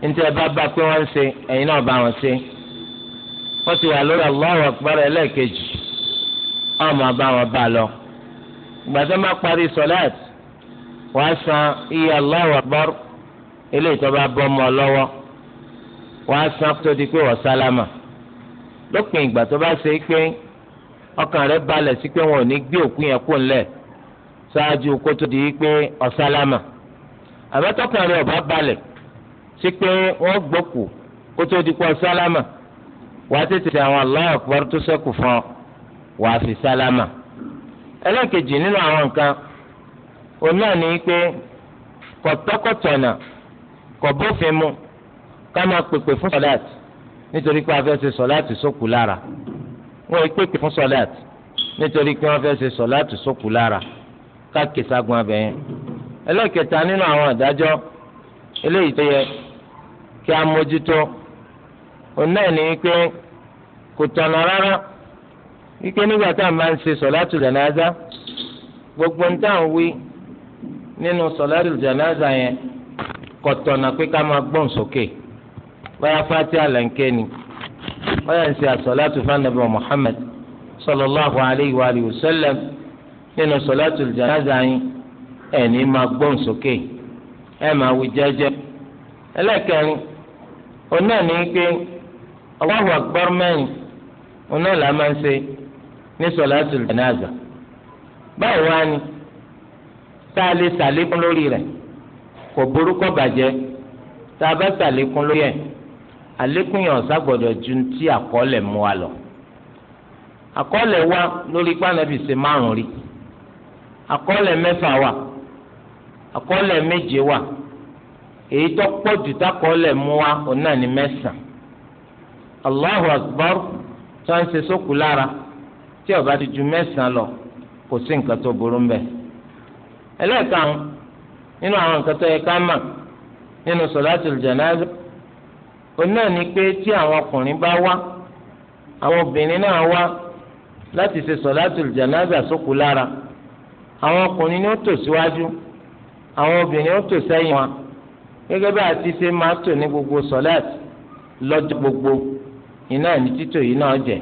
níta ẹ bá bá pé wọ́n ń ṣe ẹ̀yin náà bá wọn ṣe wọ́n ti wà lórí Allahu Akbar ẹlẹ́ẹ̀kejì wọ́n máa bá wọn bá lọ ìgbà tẹ́ máa parí sọláàtì wọ́n á san iye Allahu Akbar. ilé tó bọ́ ọmọ lọ́wọ́ wọ́n á san di pé wọ́n sálámà lópin ìgbà tó bá ṣe pé ọkàn balẹ̀ sí pé wọn ní gbé òkú yẹn kó ńlẹ̀ ṣáájú kó tó di pé ọ̀sálámà àbẹ́tọ́kàn rẹ̀ ọ̀bá balẹ̀ sí pé wọ́n gbókù kó tó di pé ọ̀sálámà tètè àwọn tó fi sálámà ẹlẹ́ẹ̀kejì nínú àwọn nǹkan òun náà ní pé kò bófin mu ká máa pèpè fún sọláàtì nítorí pé a fẹ́ ṣe sọláàtì sókù lára wọ́n yìí pèpè fún sọláàtì nítorí pé wọ́n fẹ́ ṣe sọláàtì sókù lára ká kìságun abẹ́yẹn ẹlẹ́kẹta nínú àwọn àdájọ́ eléyìí tó yẹ kí a mójútó òun náà ní pé kò tọ̀nà rárá wípé nígbà tá a máa ń ṣe sọ̀látù jànáza gbogbo ń tá wí nínú sọ̀látù jànáza yẹn kọtọna pé ká máa gbọ́n sókè báyà fati alẹ́ǹkẹ́ ni báyà ń ṣe àsọ̀látù fanabi Muhammad sallallahu alayhi wa alihi wa sallam nínú sọ̀látù janaza yín ẹ̀ní máa gbọ́n sókè ẹ̀ máa wí jẹ́jẹ́ ẹlẹ́kẹ̀rin ọ̀nà ní pé Allahu akbar mẹ́rin ọ̀nà là máa ń ṣe ní sọ̀látù janaza báyìí wá ni tá a lè sàlékún lórí rẹ̀. kò burúkọ bàjẹ tá a bá ṣàlékún lórí ẹ̀ àlékún ọ̀sá ju ti àkọọ́lẹ̀ mú wa lọ àkọọ́lẹ̀ wa lórí pànàbì ṣe márùn rí àkọọ́lẹ̀ mẹ́fà wà àkọọ́lẹ̀ méje wà èyí tó pọ̀ jù mú wa mẹ́sàn allahu akbar tó ń ṣe sókù lára tí lọ kò sí nǹkan nínú àwọn nǹkan tó yẹ ká mà nínú sọ̀látùl jánásà òun náà ni pé tí àwọn ọkùnrin bá wá àwọn obìnrin náà wá láti ṣe sọ̀látùl jánásà sókù lára àwọn ọkùnrin ni ó tò síwájú àwọn obìnrin ó tò sẹ́yìn wa gẹ́gẹ́ bá a ti ṣe máa tò ní gbogbo sọ̀láàtì lọ́jọ́ gbogbo iná ní títò yìí náà jẹ́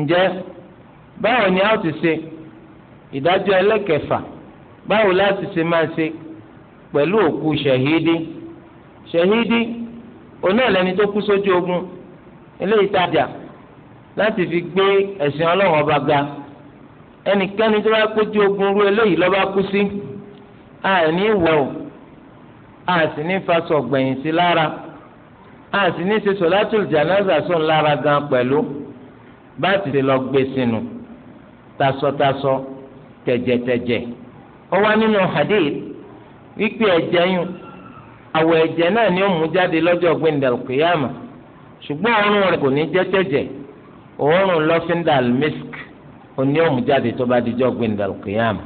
ǹjẹ́ báwo ni a ó ti ṣe ìdájọ́ ẹlẹ́kẹfà báwo láti ṣe máa ṣe pẹ̀lú òkú ṣẹ̀hídì ṣẹ̀hídì onílẹ̀ni tó kú sójú ogun eléyìí tajà láti fi gbé ẹ̀sìn ọlọ́run ọba ga ẹnikẹ́ni tó bá kójú ogun rú eléyìí lọ́ba kú sí àìní ìwọ̀ o a sì ní fasọ̀ gbẹ̀yìn sí lára a sì ní ṣe sọ̀látùl jánásà sùn lára gan pẹ̀lú bá ti lọ gbé sínú tasọtasọ tẹ̀jẹ̀tẹ̀jẹ̀. Ọ wá nínú hadith wípé ẹ̀jẹ̀ yún àwọ̀ ẹ̀jẹ̀ náà ni ó mú jáde lọ́jọ́ gbẹ̀ndàlùkìyàmà ṣùgbọ́n òórùn rẹ̀ kò ní jẹ́ tẹ̀jẹ̀ òórùn lọ́fíńdàl misk òní ó mú jáde tó bá dijọ́ gbẹ̀ndàlùkìyàmà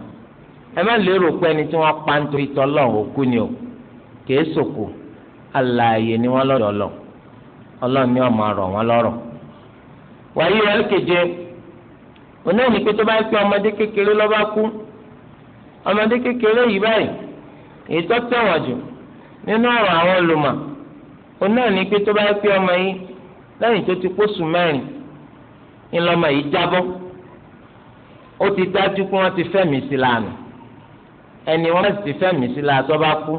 ẹ má lérò pé ẹni tí wọ́n pa òkú ni o kìí sòkò ni wọ́n lọ́dọ̀ lọ rọ̀ wọ́n lọ́rọ̀ wàyí rẹ̀ kéje òní pé tó bá pẹ́ ọmọdé kékeré yìí báyìí èyí tó tẹ̀wọ̀n jù nínú ọ̀rọ̀ àwọn olùmọ̀ òun náà ní pé tó bá pé ọmọ yìí lẹ́yìn tó ti pósù mẹ́rin ńlọmọ yìí jábọ́ ó ti dájú pé wọ́n ti fẹ́mi sí lànà ẹni wọ́n ti fẹ́mi sí lànà tó bá kú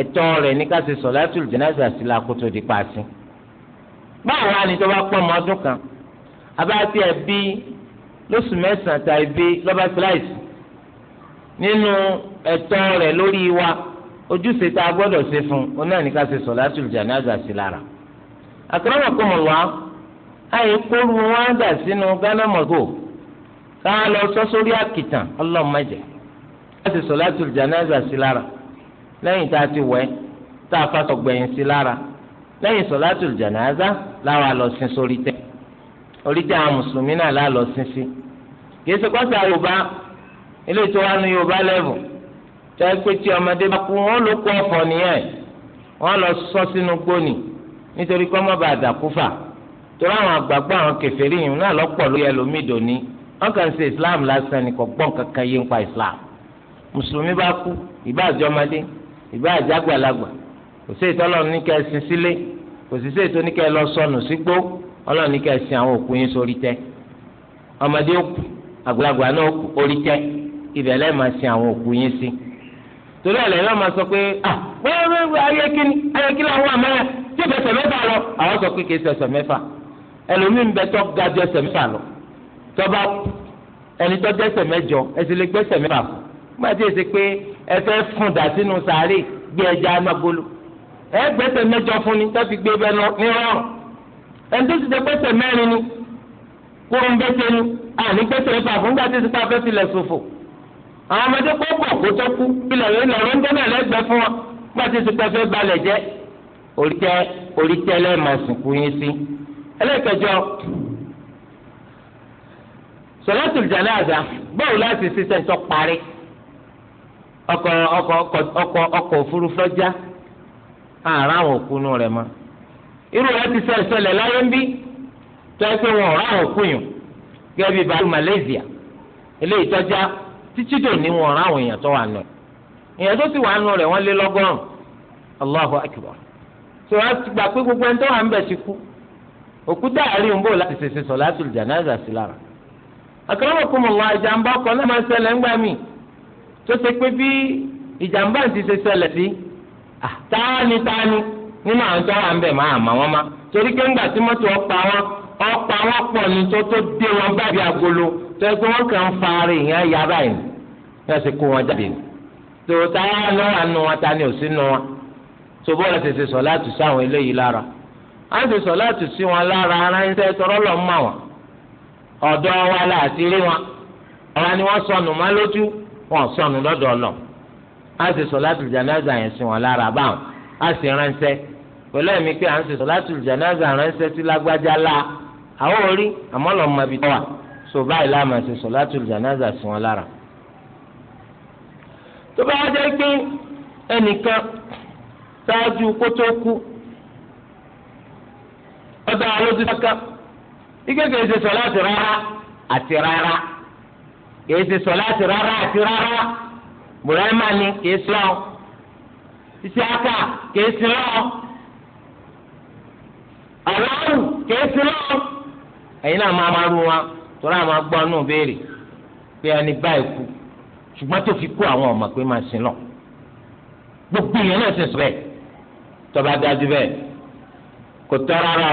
ẹ̀tọ́ rẹ̀ ní ká ṣe sọ̀látùl jánásà sí la di paasi báwo wá ni tó bá pọ̀ ọmọ ọdún kan abáyé tí ẹ bí lóṣù mẹ́sàn-án tá ẹ nínú ẹ̀tọ́ rẹ̀ lórí wa ojúṣe tá a gbọ́dọ̀ ṣe fún un náà ní ká ṣe sọ̀látùl jánásà sí lára. akramakumullah àyè kóru wọn dà sínú gánàmọ́gò ká lọ sọ sórí àkìtàn ọlọ́mọdé ká ṣe sọ̀látùl jánásà sí lára lẹ́yìn tá a ti wẹ̀ tá a fasọ̀ gbẹ̀yìn sí lára lẹ́yìn sọ̀látùl jánásà láwa lọ sin sórí tẹ́ orí tẹ́ àwọn mùsùlùmí náà lá lọ sin sí kì í ṣe kọ́sà yorùbá eléyìí tó wà ní yorùbá lẹ́vù tó ẹ pé tí ọmọdé bá kú wọn ló kó ọ̀fọ̀ nìyẹn wọn lọ sọ sínú gbóni nítorí pé ọmọ bá dàkú fà torí àwọn àgbàgbọ́ àwọn kèfèrí yìí náà lọ́pọ̀ lórí ẹlòmíì dòní wọn kàn ṣe islam lásán ni kò gbọ́n kankan yé pa islam mùsùlùmí bá kú ìbá àjọmọdé ìbá àjàgbàlagbà kò sí ètò ọlọ́run ní kẹ́ ẹ sin sílé kò sí ètò ní kẹ́ ẹ lọ sọnù sígbó ọlọ́run ní kẹ́ ẹ sin àwọn òkú yín sórí tẹ́ ọmọdé òkú àgbàlagbà náà òkú orí tẹ́ ibẹ̀ lẹ́ẹ̀ máa sin àwọn òkú yín sí torí ẹ̀ lẹ́yìn náà máa sọ pé ah wẹ́ẹ́rẹ́ ayékíní ayékíní àwọn àmọ́yà tí ìfẹsẹ̀ mẹ́fà lọ àwọn sọ pé kì í ṣẹ̀ṣẹ̀ mẹ́fà ẹlòmíín bẹ tọ́ ga ju ẹsẹ̀ mẹ́fà lọ tọ́ba ẹni tọ́ dẹ́sẹ̀ mẹ́jọ ẹsẹ̀ lè gbẹ́sẹ̀ mẹ́fà fún mọ́ àti èsì pé ẹ fẹ́ fún dà sínú sàárè gbé ẹja amagolo ẹ gbẹ́sẹ̀ mẹ́jọ fún ni tọ́ fi gbé bẹ́ẹ̀ lọ ní rọrùn ẹni tó ti tẹ gbẹ́sẹ̀ mẹ́rin ni kúrò ń bẹ́sẹ̀ ni àní gbẹ́sẹ̀ mẹ́fà fún gbàtí ìsìnkú afẹ́filẹ̀ ṣòfò àwọn ọmọdé kó pọ̀ kó tó kú ilẹ̀ ilẹ̀ ló ń náà fún bá ti sùn pẹ́fẹ́ balẹ̀ jẹ́ oríkẹ́ oríkẹ́ lẹ́ẹ̀mọ̀sùnkú yín sí. ẹlẹ́kẹjọ sọlátù jànáàzà báwo láti ṣiṣẹ́ ń parí ọkọ̀ ọkọ̀ ọkọ̀ ọkọ̀ òfurufú ọjà àwọn òkúnú rẹ̀ mọ́ irú ti láyé ń bí títí dòní wọn ra àwọn èèyàn tó wà nù èèyàn tó sì wà nù rẹ̀ wọ́n lé lọ́gọ́rùn Allahu akbar tó wá gbà pé gbogbo ẹni tó wà ń ti kú òkú dáàrí ń bò láti ṣèṣe sí lára akramakumullah ìjàmbá ọkọ̀ náà máa ń ṣẹlẹ̀ ńgbà míì tó ṣe pé bí ìjàmbá ti ṣe ṣẹlẹ̀ sí táàní táàní nínú àwọn tó wà ń bẹ̀ máa má torí tẹ́gbẹ́ wọn kàn ń fari ìyẹn ya báyìí yóò sì kó wọn jáde tó táyà lọ́wọ́ nu wọn ta ni ò sí nu wọn tó bọ́ọ̀lù ti ṣe sọ̀láàtù sí àwọn eléyìí lára á ti sọ̀láàtù sí wọn lára aráńtẹ́ tọrọ lọ́ mọ́ wọn ọ̀dọ́ wa láti rí wọn ọ̀rọ̀ ni wọ́n sọnù má lójú wọn sọnù lọ́dọ̀ ọ̀nà á sì sọ̀láàtù jánásà yẹn sí wọn lára báwọn á sì ránṣẹ́ pẹ̀lú ẹ̀mí pé à ń sì sọ̀láàtù jánásà ránṣẹ́ sí lágbájá lá àwọn orí àmọ́ lọ́ọ́ mọ so báyìí láàmà ṣe solatul janaza sí wọn lára tó bá jẹ́ pé ẹnìkan ṣáájú kó tó kú ọdọ alójú sọkà ike kìí ṣe sọláàtì rárá àti rárá kìí ṣe sọláàtì rárá àti rárá bùrẹ́mà ni kìí ṣe iṣẹ́ aka kìí ṣe ọ ọlọ́run kìí ṣe ọ ẹ̀yin náà máa máa rú wọn torí àwọn agbọ́n náà béèrè pé ẹni báyìí kú ṣùgbọ́n tó fi kú àwọn ọmọ pé máa sin lọ gbogbo èèyàn náà sì sọ bẹ́ẹ̀ tọba dájú bẹ́ẹ̀ kò tọ́ rárá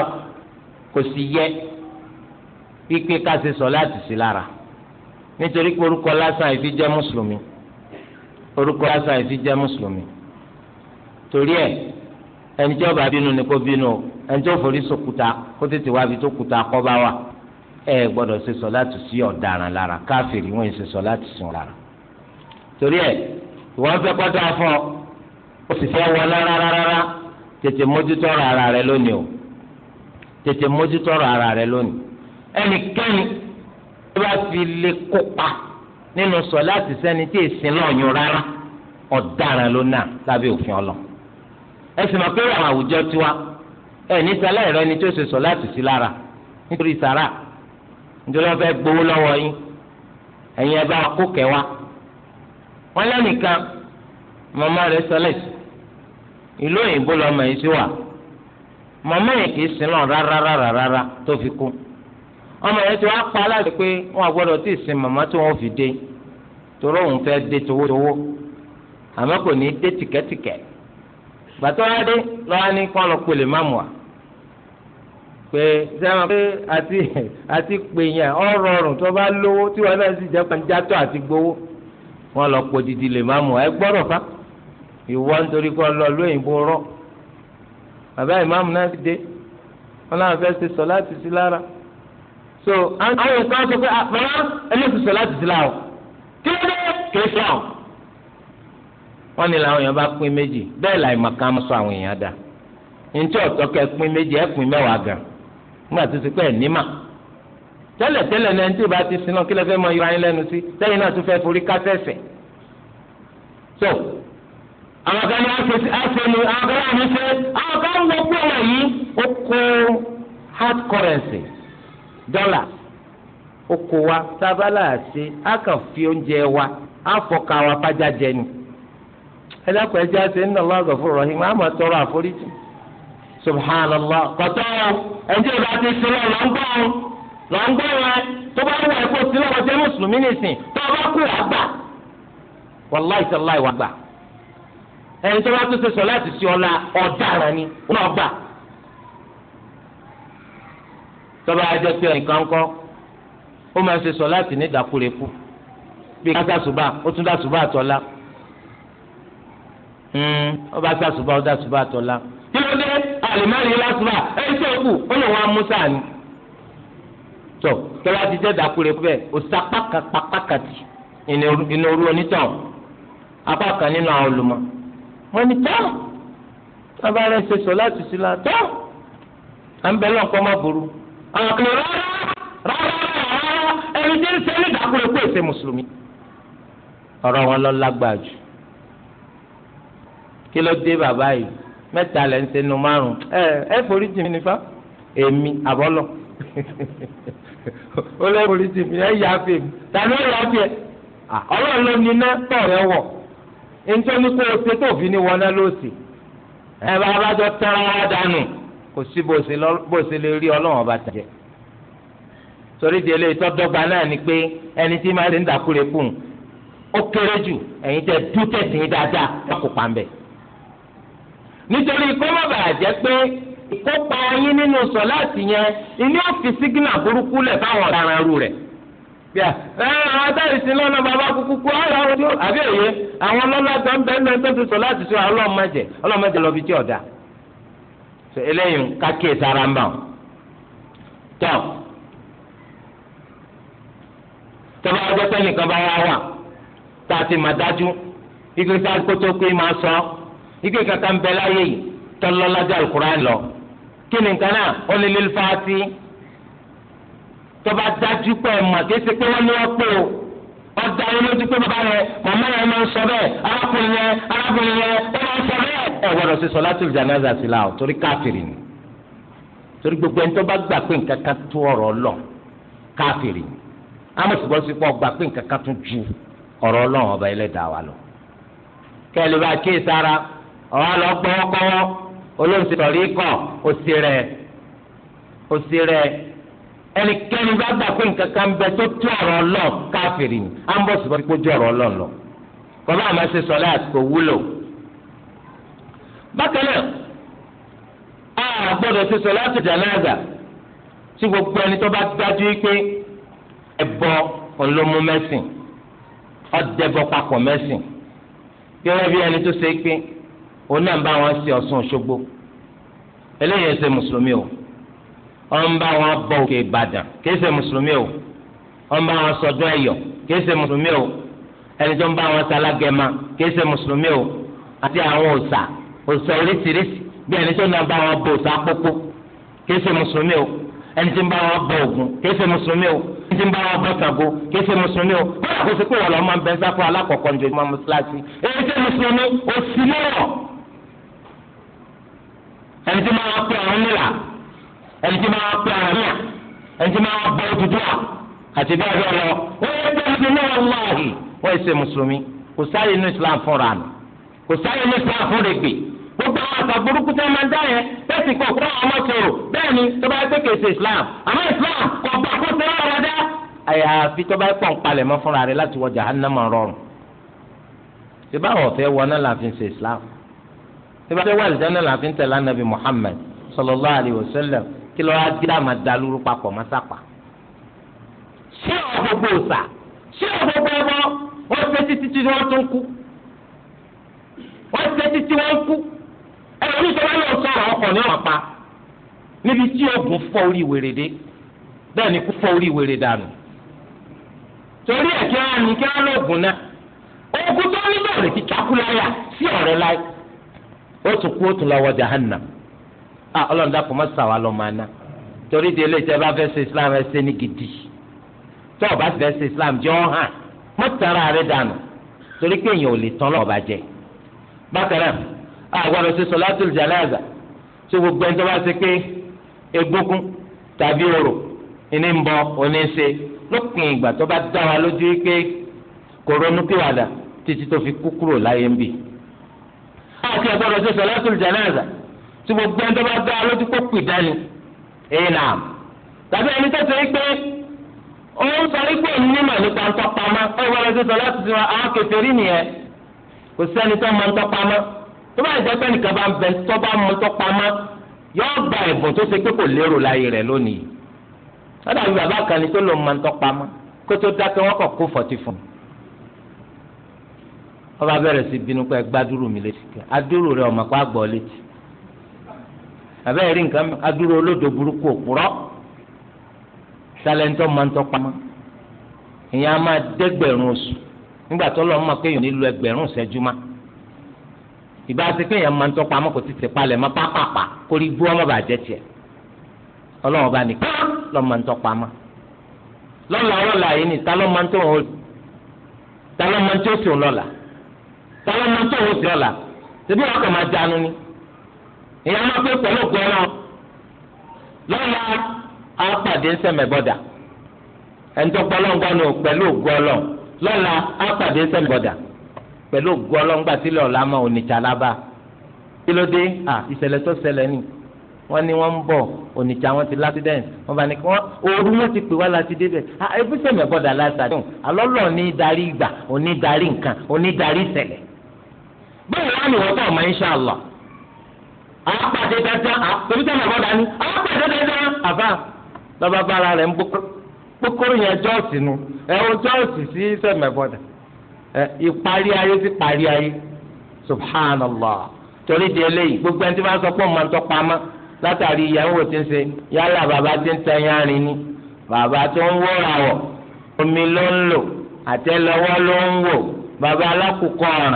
kò sì yẹ pípé ká ṣe sọ láti sí lára nítorí pé orúkọ lásán ìfi jẹ́ mùsùlùmí orúkọ lásán ìfi jẹ́ mùsùlùmí torí ẹ ẹni tí ọba bínú ni kó bínú ẹni tí ó forí sòkúta kó tètè wá ibi tó kúta kọ́ bá wà ẹ gbọ́dọ̀ ṣe sọ láti sí ọ̀daràn lára káfíìrì wọn ṣe sọ láti sùn lára torí ẹ ìwọ fẹ́ kọjá fún ọ ó sì fẹ́ wọlé rárára tètè mójútó ọ̀rọ̀ ara rẹ lónìí o tètè mójútó ọ̀rọ̀ ara rẹ lónìí ẹnikẹ́ni tó bá fi lè kópa nínú sọ láti sẹ́ni tí èsìn lọ́ọ̀yún rárá ọ̀daràn ló náà lábẹ́ òfin ọlọ ẹ sì máa pé àwọn àwùjọ tiwa ẹ níta láì rẹ ni tó ṣe sọ láti sí lára nítorí sàrà nítorí wọn gbowó lọ́wọ́ yín ẹ̀yin ẹ bá kó kẹwàá wọn lẹ́nìkan màmá rẹ̀ sọlẹ̀sì ìlú òyìnbó lọ́mọ yìí sí kì í sin lọ rárá rárá rárá tó fi kú ọmọ yẹn ti wá pa láti pé wọn tí ì sin pé sẹ́wọ̀n pé àti àti pè yẹn ọ rọrùn tó bá lówó tí wọn náà sì jẹ́ pàǹjátọ̀ àti gbowó wọn lọ pọ̀ didi lè má mọ̀ ẹ gbọ́dọ̀ fa ìwọ nítorí kọ́ lọ lóyìnbó rọ bàbá ìmáàmù náà ti dé wọn náà fẹ́ ṣe sọ láti sí lára so àwọn kan sọ pé ah, bàbá ẹlẹ́sìn sọ láti sí lára kí ló dé kí sọ wọn ni làwọn èèyàn bá pín méjì bẹ́ẹ̀ làìmọ̀ká sọ àwọn èèyàn dà ntí ọ̀tọ́ kẹ́ pín méjì ẹ̀ pín mẹ́wàá gan nígbà tó ti pẹ́ nímà tẹ́lẹ̀ tẹ́lẹ̀ náà tí o bá ti sin náà kí lè fẹ́ mọ irun ayé lẹ́nu sí náà fẹ́ forí kásẹ̀sẹ̀ so àwọn kan ní àfẹnu àwọn kan náà ní ṣe àwọn kan ń pé ó kó hard currency dollar ó kó wa fi oúnjẹ wa jẹ ni ẹ dákun ẹ tọrọ àforíjì. subhanallah kọtọ ẹnjẹ bá ti sílẹ̀ lọ ń gbọ́ lọ ń gbọ́ rẹ tó bá wà ẹ̀kọ́ sílẹ̀ ọjọ́ mùsùlùmí nìsín tó bá kú wàá gbà wàláì sàláì wàá gbà ẹni tó bá tún ṣe sọ láti ṣe ọlá ọ̀daràn ni náà gbà tó bá ajọ pé ẹnìkan kọ́ ó máa ṣe sọ láti ní ìdákúrekú bí ká sàṣùbà ó tún dàṣùbà àtọ́lá hmm, ó bá sàṣùbà ó dàṣùbà àtọ́lá kí ló dé alimari lasuba ẹni tó kù ó lè wọn amúsà ni tó tọ́lá ti jẹ́ dàkúrẹ́ bẹ́ẹ̀ òsà pàkàtì ìnà òru onítàn apá kan nínú àwọn olùmọ̀ wọn ni tán bàbá rẹ̀ ṣe sọ láti sí la tán à ń bẹ lọ́nkọ́ má burú àwọn kan rárá rárá rárá ẹni tí ń sẹ́ni dàkúrẹ́ pé èsè mùsùlùmí ọ̀rọ̀ wọn lọ lágbàá jù kí ló dé bàbá yìí mẹ́ta lẹ́ ń ṣe nu márùn ẹ ẹ forí jì mí nífa èmi àbọ̀lọ̀ ó lẹ́ forí jì mí ẹ yà fèm tàbí ó yà fèm ọlọ́run ló ní iná tọ̀ rẹ wọ̀ nítorí kó o ṣe tó fi ní wọná ló sì ẹ bá bá jọ tẹ́ra wá dànù kò sí bó ṣe lè rí ọlọ́run ọba tàjẹ́ torí di eléyìí tọ́dọ́gba náà ni pé ẹni tí máa ń dàkúrẹ́ kùn ó kéré jù ẹ̀yin tẹ́ dúkẹ́sì yín dáadáa ẹ kó pa ń bẹ̀. nítorí kọ́mọ̀bà àjẹ́ pé kópa yín nínú sọ̀láàtì yẹn ilé òfin sígínà burúkú lẹ̀ fáwọn ọ̀daràn arú rẹ̀ bíà ẹ àwọn adáyé sí lọ́nà bàbá kúkú kú ọ̀rọ̀ ojú àbí òye àwọn tó ń bẹ́ẹ̀ tó ọlọ́mọdé ọlọ́mọdé a ti mà dájú kótó pé máa sọ ike kankan bẹ láyé yìí tọ́lọ́lájà alukur'an lọ kí ni nǹkan náà ó lè lè fa sí tọ́ba dájú pé ẹ̀mọ́ kí ṣe pé wọ́n ní wọ́n pé o ọjà yẹn lójú pé bàbá rẹ màmá rẹ máa ń sọ bẹ́ẹ̀ arákùnrin yẹn arákùnrin yẹn ó máa ń sọ bẹ́ẹ̀. ẹ gbọ́dọ̀ ṣe sọ̀látùl jánásà sí la ọ torí káfìrì ni torí gbogbo ẹni tó bá gbà pé nǹkan kan tó ọ̀rọ̀ lọ káfìrì ni amọ̀sibọ́sibọ́ gbà pé nǹkan kan tó ju ọ̀rọ̀ Ọlọ́run ọba ẹlẹ́dàá wa lọ kẹ́lẹ́ bá kíyèsára ọ̀hún lọ gbọ́wọ́gbọ́wọ́ olóòsì tọ̀rí kọ̀ òsì rẹ̀ òsì rẹ̀ ẹnikẹ́ni bá gbà pé nǹkan kan bẹ tó tó ọ̀rọ̀ ọlọ́ọ̀ káfìrì ni à ń bọ̀ sí bọ́sí kójú ọ̀rọ̀ ọlọ́ọ̀ lọ bàbá àmọ́ ṣe sọ láti kò wúlò. bákan náà a gbọ́dọ̀ ṣe sọ láti jànáza tí gbogbo ẹni tó bá dájú pé ẹ̀bọ ọ̀lọ́mú mẹ́sìn ọ̀dẹ́bọ papọ̀ mẹ́sìn gẹ́gẹ́ bí ẹni tó ṣe pé òun náà ń bá wọn ṣe Ọ̀ṣun Òṣogbo eléyìí ẹsẹ̀ mùsùlùmí o wọ́n ń bá wọn bọ òkè Ìbàdàn kì í ṣe mùsùlùmí o wọ́n ń bá wọn sọdún Ẹ̀yọ̀ kì í ṣe mùsùlùmí o ẹni tó ń bá wọn ṣalágẹ̀mà kì í ṣe mùsùlùmí o àti àwọn òòṣà òòṣà oríṣiríṣi bí ẹni tó náà bá wọn bọ òòṣà pópó kì í mùsùlùmí o ẹni tí ń bá wọn bọ Ògún kì í mùsùlùmí o tí ń bá wọn bọ Ṣàngó kì ṣe mùsùlùmí o báyà kó pé wọn lọ máa ń bẹ sáfù alákọ̀ọ́kọ́ ní ojoojúmọ́ èyí ṣe mùsùlùmí òsì lọ́wọ́ ẹni tí máa pè àwọn nílà ẹni tí máa pè àwọn níyà ẹni tí máa bọ òtútù à àti bẹ́ẹ̀ bẹ́ẹ̀ lọ wọ́n yẹ kí wọ́n ti ní wọn láàyè wọ́n ṣe mùsùlùmí kò sáyé inú Islam fúnra nù kò sáyé inú Islam fúnra gbè gbogbo àwọn àgbà burúkú tó máa ń dá yẹn bẹ́ẹ̀ sì kọ̀ kó àwọn ọmọ sọ̀rọ̀ bẹ́ẹ̀ ni tó bá yẹ pé kì í ṣe Islam àmọ́ Islam kò bá kó sẹ́wọ́n rẹ̀ dá àyàfi tó bá yẹ pọ̀ palẹ̀ mọ́ fúnra rẹ̀ láti wọ jahannama rọrùn ṣe báwọn ọ̀fẹ́ wọn náà ṣe Islam. tẹ́bá tẹ́ wá àlùjáná làfi ń tẹ̀lé anabi Muhammad sallallahu alayhi wa sallam kí lọ́wọ́ adé àmà dalúrú papọ̀ mọ́sápà. ṣé ọ̀gbogbo ọ̀sà ṣé ọ̀gbogbo ẹbọ wọ́n ṣe títí tí wọn tún kú wọ́n ṣe títí wọ́n kú ẹ̀rọ oníṣòwò náà sọ̀rọ̀ ọkọ̀ ní ọ̀pá níbi tí oògùn fọ́ orí wèrèdè bẹ́ẹ̀ ni kú fọ́ orí wèrè dànù torí ẹ̀ kí wọ́n ní kí wọ́n lóògùn náà tó otu tún kú ó tún lọ wọ jahannam a ah, ọlọ́run dàpọ̀ mọ́ sàwà lọ torí di eléyìí tẹ́ bá fẹ́ islam ẹ ní gidi tẹ́ ọba islam jẹ́ ọ hàn mọ́ tẹ́ra rẹ dànù torí pé èèyàn ò lè tán lọ́ọ̀bà jẹ bákan náà a gbọ́dọ̀ ṣe sọ̀látùl janaza tí gbogbo ẹni tó bá ṣe pé egbókun tàbí orò ìní ń bọ òní ṣe lópin ìgbà tó bá dá wa lójú àti ẹgbọ́dọ̀ ṣe sọ̀látùl jánásà tí gbogbo ẹni tó bá dá lójú kó pè dání èyí nà tàbí ẹni tó ṣe é pé ó ń sọ wípé onímọ̀ nípa ń tọpamọ́ ó yẹ wọlé ṣe sọ̀látù tiwọn àwọn kèfèrí nìyẹn kò sẹ́ni tó mọ ń tọpamọ́ tó bá jẹ́ pé nìkan bá ń bẹ tó bá mọ tọpamọ́ yóò gba ẹ̀bùn tó ṣe pé kò lérò láyé rẹ̀ lónìí ó dàbí bàbá kan ni tó lọ mọ ń tọpamọ́ kó tó dákẹ́ wọ́n kọ̀ kó fọ́tí fún un wọ́n bá bẹ̀rẹ̀ sí bínú pé gbadúró mi létí adúró rẹ ọmọ pa gbọ́ létí àbẹ́rẹ́ nǹkan adúró olódò burúkú òpùrọ́ sálẹ̀ńtọ́ máa ń tọ́pa ìyẹn a máa dẹ́gbẹ̀rún oṣù nígbà tó mọ̀ kéèyàn nílò ẹgbẹ̀rún ìṣẹ́jú ìbá ṣe kéèyàn máa ń kò ti palẹ̀ mọ́ pápápá ọmọ bàjẹ́ tiẹ̀ ọlọ́run bá nìkan lọ́ọ́ tọ́lọ́ máa tó owó sí ọ̀la tẹ̀bí wọn kàn máa jánu ni ìyá máa pé pẹ̀lú ògùn ọ̀nà lọ́la àpàdé sẹ́mẹ̀ bọ́dà ẹ̀ńtọ́gbọ́ lọ́ngbọ́nù pẹ̀lú ògùn ọ̀nà lọ́la àpàdé sẹ́mẹ̀ bọ́dà pẹ̀lú ògùn ọ̀nà ńgbà sílẹ̀ ọ̀la máa Onitsha lába kí ló dé à ìṣẹ̀lẹ̀ tó ṣẹlẹ̀ ni wọ́n ní wọ́n ń bọ̀ Onitsha wọn ti l'accident wọ́n bá ní kí wọ́n ooru wọn ti pè wá láti débẹ̀ ẹbí sẹ̀mẹ̀ bọ́dà láti àdéhùn alọ́lọ́ ní darí ìgbà onídarí nǹkan onídarí ìṣẹ̀lẹ̀ báwo wá ní ma tọ̀ ọmọ insha Allah àpàdé dandan àpèbí tẹ̀lé ọmọ dání àpàdé dandan àbá lọ́ba rẹ̀ ń yẹn jọ́ọ̀sì nu ẹ̀rọ jọ́ọ̀sì sí sẹ́mẹ̀bọ̀dà ìparí ayé sí parí ayé subhanallah torí di eléyìí gbogbo ẹni tí wọ́n sọ pamọ́ látàrí ìyàwó ń yálà bàbá ń ni bàbá tó ń wọ́ra omi ló ń lò ló ń bàbá alákòókò ọ̀ràn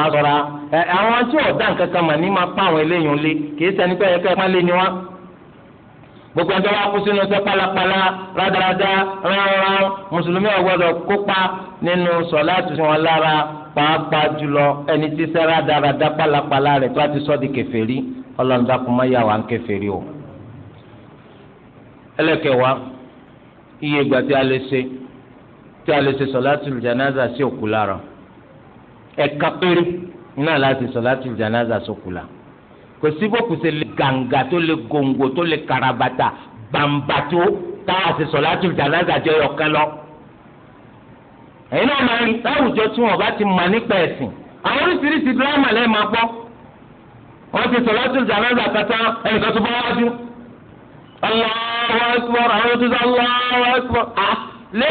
àrọ̀ra àwọn tí ọ̀dà nǹkan kan mà ní máa pa àwọn eléyìí lé kì í sẹ́ni pé ẹ̀ka ẹ̀ lé ni wọ́n gbogbo ẹjọ́ wa kú sínú sẹ́ pálapàla rádaràda rárá mùsùlùmí ọ̀gbọ́dọ̀ kópa nínú sọ̀lá tuntun wọn lára pàápàá jùlọ ẹni tí sẹ́ rádaràda pálapàla rẹ̀ tó a ti sọ́ di kèfèrí ọlọ́run dákun má yà wá ń kèfèrí o. ẹlẹ́kẹ̀wá iye ìgbà tí a lè ṣe tí a lè ṣe sọ̀lá ẹ̀ka péré náà láti sọ̀látù jánásà sókùlà kò sí bókù ṣe lè gàǹgà tó lè gòǹgò tó lè karabata bàǹbàtó táwa ṣe sọ̀látù jánásà jẹ́ ọ̀kan lọ. ẹ̀yin náà máa rí láwùjọ tí wọn bá ti mọ̀ nípa ẹ̀sìn àwọn oríṣiríṣi dírámà lẹ́ẹ̀ máa gbọ́ wọ́n ti sọ̀látù jánásà kátá ẹnìkan tó bá wájú. Allahu akbar àwọn tó sọ Allahu akbar à lé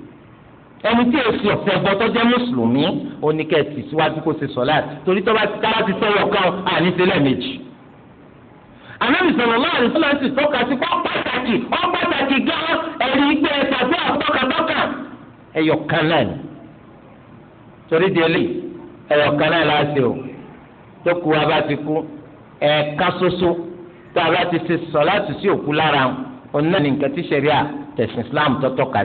ẹni tí èsì ọ̀sẹ̀ bọ́ tó jẹ́ mùsùlùmí oníkẹ́ẹ̀tì síwájú kó ṣe sọ̀lá torí tó bá ti kára ti sọ̀rọ̀ kan àní ṣe lẹ́ẹ̀mejì. ànábì sọ̀rọ̀ láàrin tó láti tọ́ka sí pọ́ pàtàkì ọ́ pàtàkì gan ẹ̀rí gbé ẹ̀ tàbí àtọ́kàtọ́kà ẹ̀yọ̀ kan náà ni. torí di eléyìí ẹ̀yọ̀ kan náà láti o tó kú wa bá ti kú ẹ̀ẹ̀ka ṣoṣo tó a bá ti ṣe sọ̀lá sí òkú lára òun náà ni Islam tó tọ́ka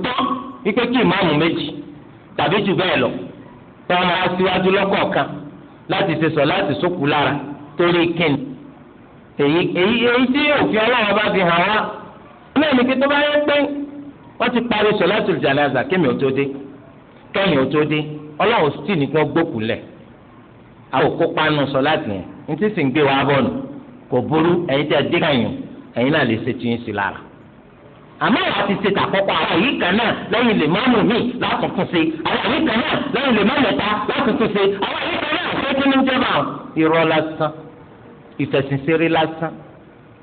gbọ́ wípé kí ìmáàmù méjì tàbí jù bẹ́ẹ̀ lọ tí wọ́n máa síwájú lọ́kọ̀ọ̀kan láti ṣe sọ láti sókù lára torí kíni èyí èyí tí òfin ọlọ́run bá fi hàn wá náà ní kí tó bá yẹ pé wọ́n ti parí sọ̀látùl jánásà kémi ò tó dé kẹ́yìn ò tó dé ọlọ́run sì ní kí wọ́n gbókù lẹ̀ àwọn òkópa nù sọ̀láàtì yẹn ní tí sì ń gbé wa bọ̀ nù kò burú ẹ̀yin tí a dé kàyìn ẹ̀yin náà lè ṣe tiyín sí lára àmọ́ ìwà ti ṣe tàkọ́kọ́ àwọn yìí kan náà lẹ́yìn lè máàmù mi látùntún ṣe àwọn yìí kan náà lẹ́yìn lè máàmù ẹ̀ta látùntún ṣe àwọn yìí kan náà ṣé kí ni ń jẹ́ bá irọ́ lásán ìfẹ̀sìnṣeré lásán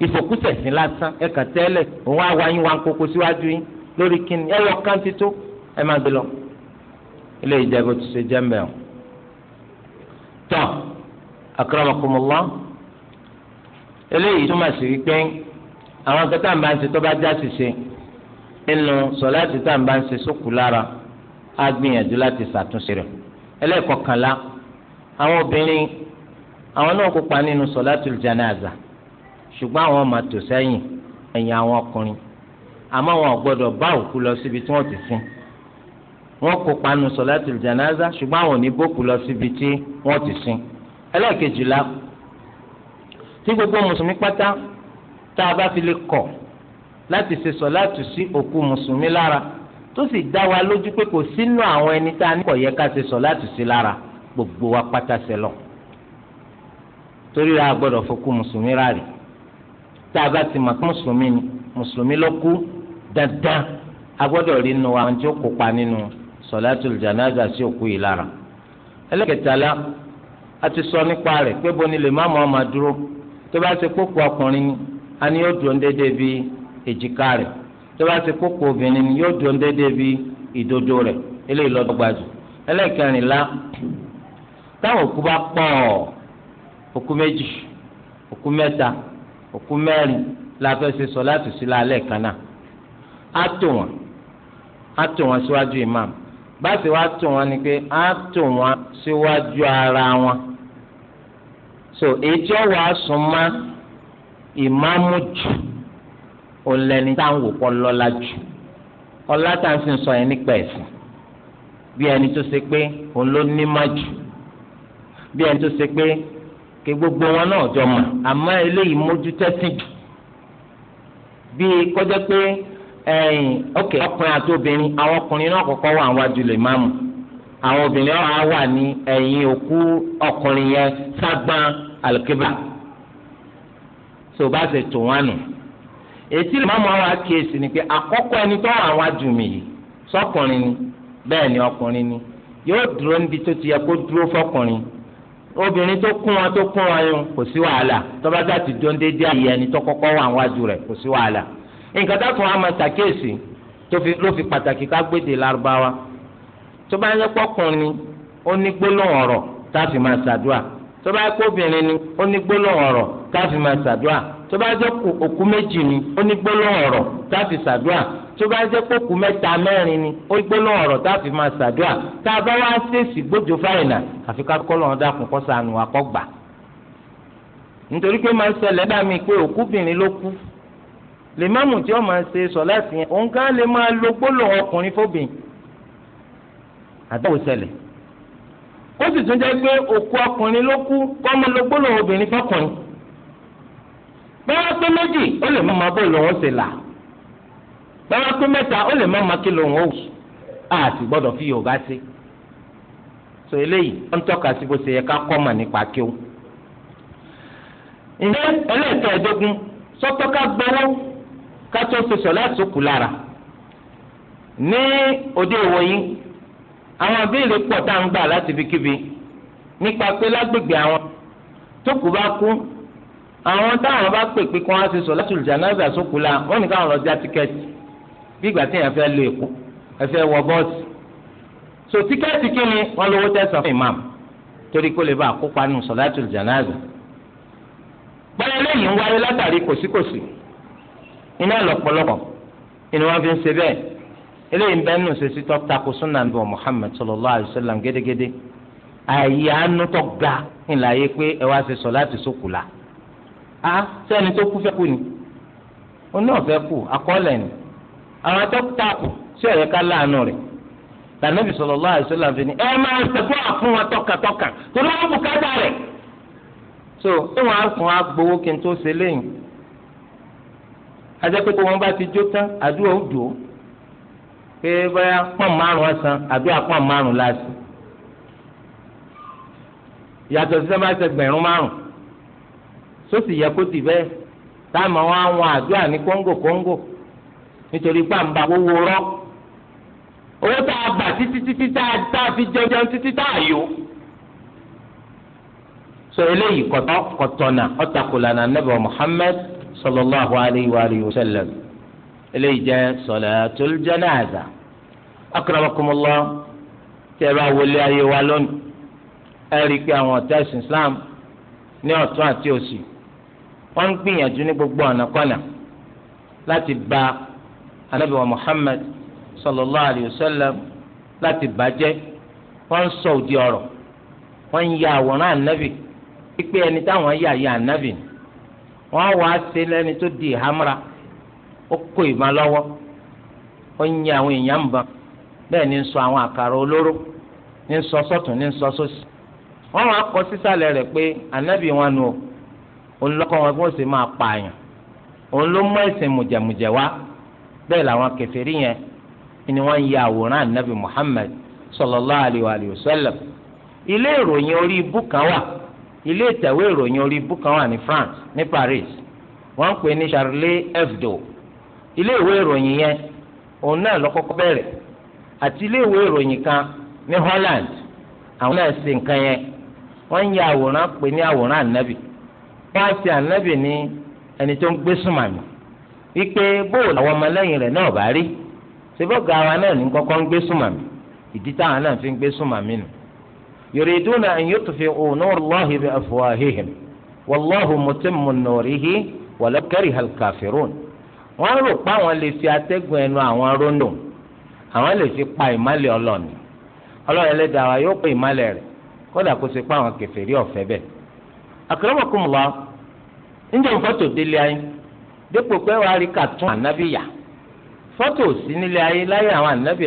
ìfòkúsẹ̀sìn lásán ẹ̀ka tẹ́lẹ̀ òun àwa yín wa ń koko síwájú yín lórí kíni ẹ lọ kán tító ẹ máa gbé lọ. ilé ìjẹ́bù ti ṣe jẹ́ mẹ́ọ̀ tán akramakumullah eléyìí túmọ̀ sí wípé àwọn kan tá à ń bá ń ṣe tó bá já ṣiṣe nínú sọláàtì tá à ń bá ń ṣe sókù lára á gbìyànjú láti ṣàtúnṣe rẹ̀ ẹlẹ́ẹ̀kọkànlá àwọn obìnrin àwọn náà kópa nínú sọláàtì janaza ṣùgbọ́n àwọn máa tò sẹ́yìn ẹ̀yìn àwọn ọkùnrin àmọ́ wọn ò gbọ́dọ̀ bá òkú lọ síbi tí wọ́n ti sin wọ́n kópa nínú sọláàtì janaza ṣùgbọ́n àwọn ò ní bókù lọ síbi tí wọ́n ti sin ẹlẹ́ẹ̀kejìlá tí gbogbo mùsùlùmí tá a bá fi lè kọ̀ láti ṣe sọ láti sí òkú mùsùlùmí lára tó sì dá wa lójú pé kò sínú àwọn ẹni tá a ní kọ̀ yẹ ká ṣe sọ láti sí lára gbogbo wa pátá sẹlọ torí a gbọ́dọ̀ fọkú mùsùlùmí rárẹ tá a bá ti mọ̀ pé mùsùlùmí ni mùsùlùmí ló kú dandan a gbọ́dọ̀ rí nu àwọn tí ó kópa nínú sọlátùl jánásà sí òkú yìí lára ẹlẹ́kẹtàlá a ti sọ nípa rẹ̀ pé bo ni lè má mọ́ ọmọ dúró tó bá ti kókó ọkùnrin ni a ní yóò dùn dédé bí èjìká rẹ̀ tó bá ti kókó obìnrin ni yóò dùn dédé bí ìdodo rẹ̀ eléyìí lọ́dọ̀ gbajù ẹlẹ́kẹrìnlá táwọn òkú bá pọ̀ òkú méjì òkú mẹ́ta òkú mẹ́rin la fẹ́ ṣe sọ láti sí lálẹ́ kan náà á tò wọ́n á tò wọ́n síwájú imam bá sì wá tò wọ́n ni pé á tò wọ́n síwájú ara wọn so èyí tí ó wàá sùn máa ìmáàmù jù òǹlẹ́ni tá à ń wò kọ́ lọ́la jù ọlá tá à ń sìn sọ yẹn nípa ẹ̀sìn bí ẹni tó ṣe pé òun ló ní má jù bí ẹni tó ṣe pé kí gbogbo wọn náà jọ mọ̀ àmọ́ eléyìí mójútẹ́sìn jù bí kọjá pé ẹ̀yìn ọkẹ ọkùnrin àti obìnrin àwọn ọkùnrin náà kọ́kọ́ wà wájú lè máàmù àwọn obìnrin náà wà ní ẹ̀yìn òkú ọkùnrin yẹn ságbọn àlùkébà tó bá ṣe tó wọn nù ètí lè má mọ àwọn akéèsì ni pé àkọ́kọ́ ẹni tó wà wá jù mí yìí sọkùnrin ni bẹ́ẹ̀ ni ọkùnrin ni yóò dúró níbi tó ti yẹ kó dúró fọkùnrin obìnrin tó kún wọn tó kún wọn yun kò sí wàhálà tó bá ti dún déédéé àyè ẹni tó kọ́kọ́ wà wájú rẹ̀ kò sí wàhálà nǹkan tó fún wa máa ṣàkíyèsí ló fi pàtàkì ká gbéde lárúbáwá tó bá yẹ kọkùnrin ó ní gbólóhùn ọ̀rọ̀ tá a fi máa ṣàdúrà tó bá kó obìnrin ni ó ní gbólóhùn ọ̀rọ̀ káfí máa ṣàdúrà tó bá jẹ́ òkú méjì ni ó ní gbólóhùn ọ̀rọ̀ káfí ṣàdúrà tó bá jẹ́ òkú mẹ́ta mẹ́rin ni ó ní gbólóhùn ọ̀rọ̀ káfí máa ṣàdúrà tá a bá wá ṣèèṣì gbójú fáìnà àfi ká kọ́ lọ́wọ́ dákun kọ́ sànù àkọ́gbà. nítorí pé máa ń ṣẹlẹ̀ dá mi pé òkúbìnrin ló kú lèmọ́mù tí ó máa ṣe sọ láti yẹn òun ká lè máa lo gbólóhùn ọkùnrin fóbìnrin àdáwò ṣẹlẹ̀ ó sì tún jẹ́ pé òkú ọkùnrin ló kú kọ́mọ ló gbólóhùn obìnrin fọkùnrin báwa pé méjì ó lè mọ ọmọ bó lòun ṣe là báwa pé mẹ́ta ó lè mọ ọmọ kí lòun ó wù gbọ́dọ̀ fi sí so eléyìí wọ́n ń tọ́ka sí bó ṣe yẹ o. ǹjẹ́ ẹlẹ́ẹ̀kẹ́ẹ̀dógún sọ́tọ́ ká gbowó ká tó ṣe sọ̀ láti kù lára ní òde àwọn abéèrè pọ̀ tá à ń gbà láti fi kíbi nípa pé lágbègbè àwọn tó kù bá kú àwọn táwọn bá pè pé kí wọ́n á ṣe solatul janaza sókù la wọ́n ní káwọn lọ já tíkẹ́ẹ̀tì bí ìgbà tí èèyàn fẹ́ lo èkó ẹ fẹ́ wọ bọ́ọ̀sì so tíkẹ́ẹ̀tì kí ni wọ́n lówó tẹ̀sán fún ìmáàmù torí kó lè bá àkópa nù solatul janaza báyọ̀ lẹ́yìn ń wáyé látàrí kòsíkòsí iná lọ̀pọ̀lọpọ̀ ni wọ́n fi ń ṣe bẹ́ẹ̀ eléyìí ń bẹ nù sèṣì tó takò súnà nbọ Muhammad sallallahu alayhi wa sallam gédégédé ààyè ànútọ ga ńlá yẹ pé ẹ wá ṣe sọláàtì sókùlà á sẹni tó kú fẹ́ kú ni oní ọfẹ kú akọọlẹ ni àwọn tó takò sí ọyẹ ká láàánú rẹ̀ lànàbì sallallahu alayhi wa sallam fi ni ẹ máa ṣẹkọ àfún wọn tọkàtọkà torí wọn bùkátà rẹ̀ so ìwọn àfún agbowó kí n tó ṣe lẹ́yìn ajẹ́ pé kó wọn bá ti jó tán àdúrà ó dùn ó. pé bóyá pọ́n márùn ọ̀sán àbí àpọ́n márùn láti yàtọ̀ sí sábà sẹgbẹ̀rún márùn sósì yẹ kó ti bẹ́ẹ̀ táàmù àwọn àwọn àdúrà ní kóńgò kóńgò nítorí pàǹbà owó rọ owó tá a bà títí títí tá a fi jẹun títí tá a so eléyìí kọtọ kọtọ na ọtakùlà na nebà Muhammad sallallahu alayhi eléyìí jẹ́ sọ̀làtul jánàzà akramakumullah tí ẹ bá wọlé ayé wa lónìí ẹ rí i pé àwọn ọ̀tá ẹ̀sìn islam ní ọ̀tún àti òsì wọ́n ń gbìyànjú ní gbogbo ọ̀nà kọ́nà láti ba ànábì wa muhammad sallallahu alayhi láti bàjẹ́ wọ́n ń sọ òdi ọ̀rọ̀ wọ́n ń ya àwòrán ànábì pípé ẹni táwọn yà ya ànábì wọ́n wàá ṣe lẹ́ni tó di ìhámọ́ra. ó kó ìbọn lọ́wọ́ ó ń àwọn èèyàn ń bẹ́ẹ̀ ni ń àwọn àkàrà olóró ní ń sọ sọ́tún ní ń sọ sósì wọ́n rẹ̀ pé ànábì wọn nu òun lọ́kọ́ wọn kí wọ́n sì máa pààyàn òun ló ẹ̀sìn mùjẹ̀mùjẹ̀ wá bẹ́ẹ̀ làwọn yẹn Muhammad alayhi wa ilé ìròyìn orí ibú kan wà ilé ìtẹ̀wé ìròyìn orí ibú kan wà ní France ní Paris ilé ìwé ìròyìn yẹn òun náà ló kọ́kọ́ bẹ̀rẹ̀ àti ilé ìwé ìròyìn kan ní Holland àwọn náà ṣe nǹkan yẹn wọ́n ń ya àwòrán pè ní àwòrán ànábì wọ́n á ṣe ànábì ní ẹni tó ń gbé sùmàmì wípé bóòlù àwọn ọmọlẹ́yìn rẹ̀ náà bá rí ṣebí ọ̀gá wa náà ní kọ́kọ́ ń gbé sùmàmì ìdí táwọn náà fi ń gbé sùmàmì nù. yuriduna an yutfi'u nurallahi wọ́n rò pé àwọn lè fi atẹ́gùn ẹnu àwọn rónò àwọn lè fi pa ìmálẹ̀ ọlọ́ọ̀ni ọlọ́ọ̀ni ẹlẹ́dàá wa yóò pa ìmálẹ̀ rẹ̀ kódà kó ṣe pé àwọn kèfèrí ọ̀fẹ́ bẹ́ẹ̀. níjẹ́ fọ́tò délé ayé dépò pé wàá rí kàtún ànábì fọ́tò sí nílé ayé láyé àwọn ànábì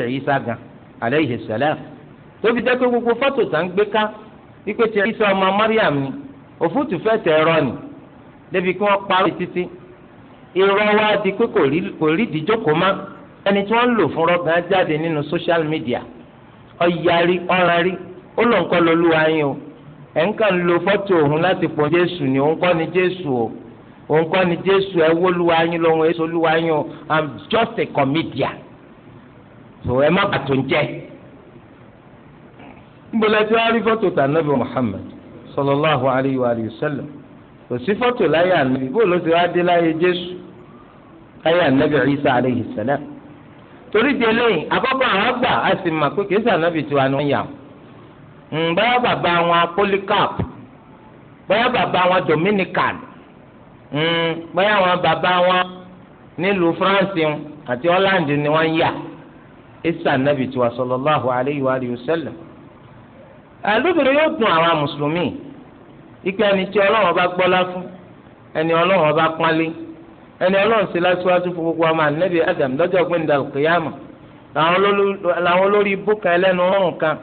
pé gbogbo fọ́tò tá ń gbé ká wípé ti ọmọ ni tẹ̀ ni débi kí irọ́ wá di pé kò rí ìdíjókòó má ẹni tí wọ́n ń lò fún jáde nínú social media ọ̀yàrí ọ̀rànrí ó lọ nǹkan lọ́lúwa yín o ẹ̀ ń kàn lo fọ́tò òun láti pọ̀ jésù ni òun kọ́ ni jésù o òun kọ́ ni jésù ẹ wó lúwa yín èso lúwa yín o i'm just a comedian so ẹ má bàtò ń jẹ́ tí rí fọ́tò tànàbí ayé anabi isa aleyhi salam torí di eléyìí àkọ́kọ́ àwọn gbà á sì mà pé kìí sànàbì tiwa ni wọ́n yà hmm, báyà bàbá wọn polycarp báyà bàbá wọn dominican hmm, báyà wọn bàbá wọn nílùú france àti holland ni wọ́n yà isa anabi tiwa sallallahu alayhi wa sallam àlùbìrì yóò dùn àwọn mùsùlùmí ìpè ẹni tí ọlọ́wọ́n bá gbọ́lá fún ẹni ọlọ́wọ́n bá pọ́nlé. ẹni ọlọ́run sí lásìwájú fún gbogbo ọmọ ànábì adam lọ́jọ́ gbẹ̀ndà kìyàmù làwọn olórí ibú kan ẹlẹ́nu ọ̀rùn kan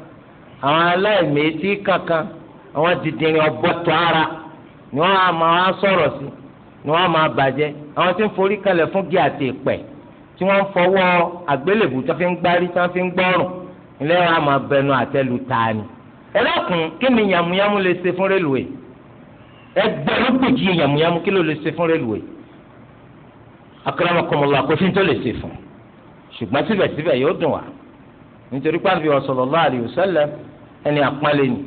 àwọn aláìmẹ̀tì kankan àwọn dìdìrín ọ̀bọ̀tọ̀ ara ni wọ́n á máa sọ̀rọ̀ sí ni wọ́n á máa bàjẹ́ àwọn tí ń forí kalẹ̀ fún gí àti ìpẹ́ tí wọ́n ń fọwọ́ àgbélébù tí wọ́n fi ń gbárí tí wọ́n fi ń gbọ́rùn ilé wa máa bẹnu àtẹ́lu tani ẹlẹ́kùn kí ni yàmùyàmù lè ṣe fún rélùwé ẹgbẹ̀rún gbèjì yàmùyàmù kí ló lè ṣe fún rélùwé akramakumullah kò sí ní tó lè ṣe fún ṣùgbọ́n síbẹ̀síbẹ̀ yóò dùn wá nítorí pàbí sallallahu alaihi wasallam ẹni àpọ́nlé ni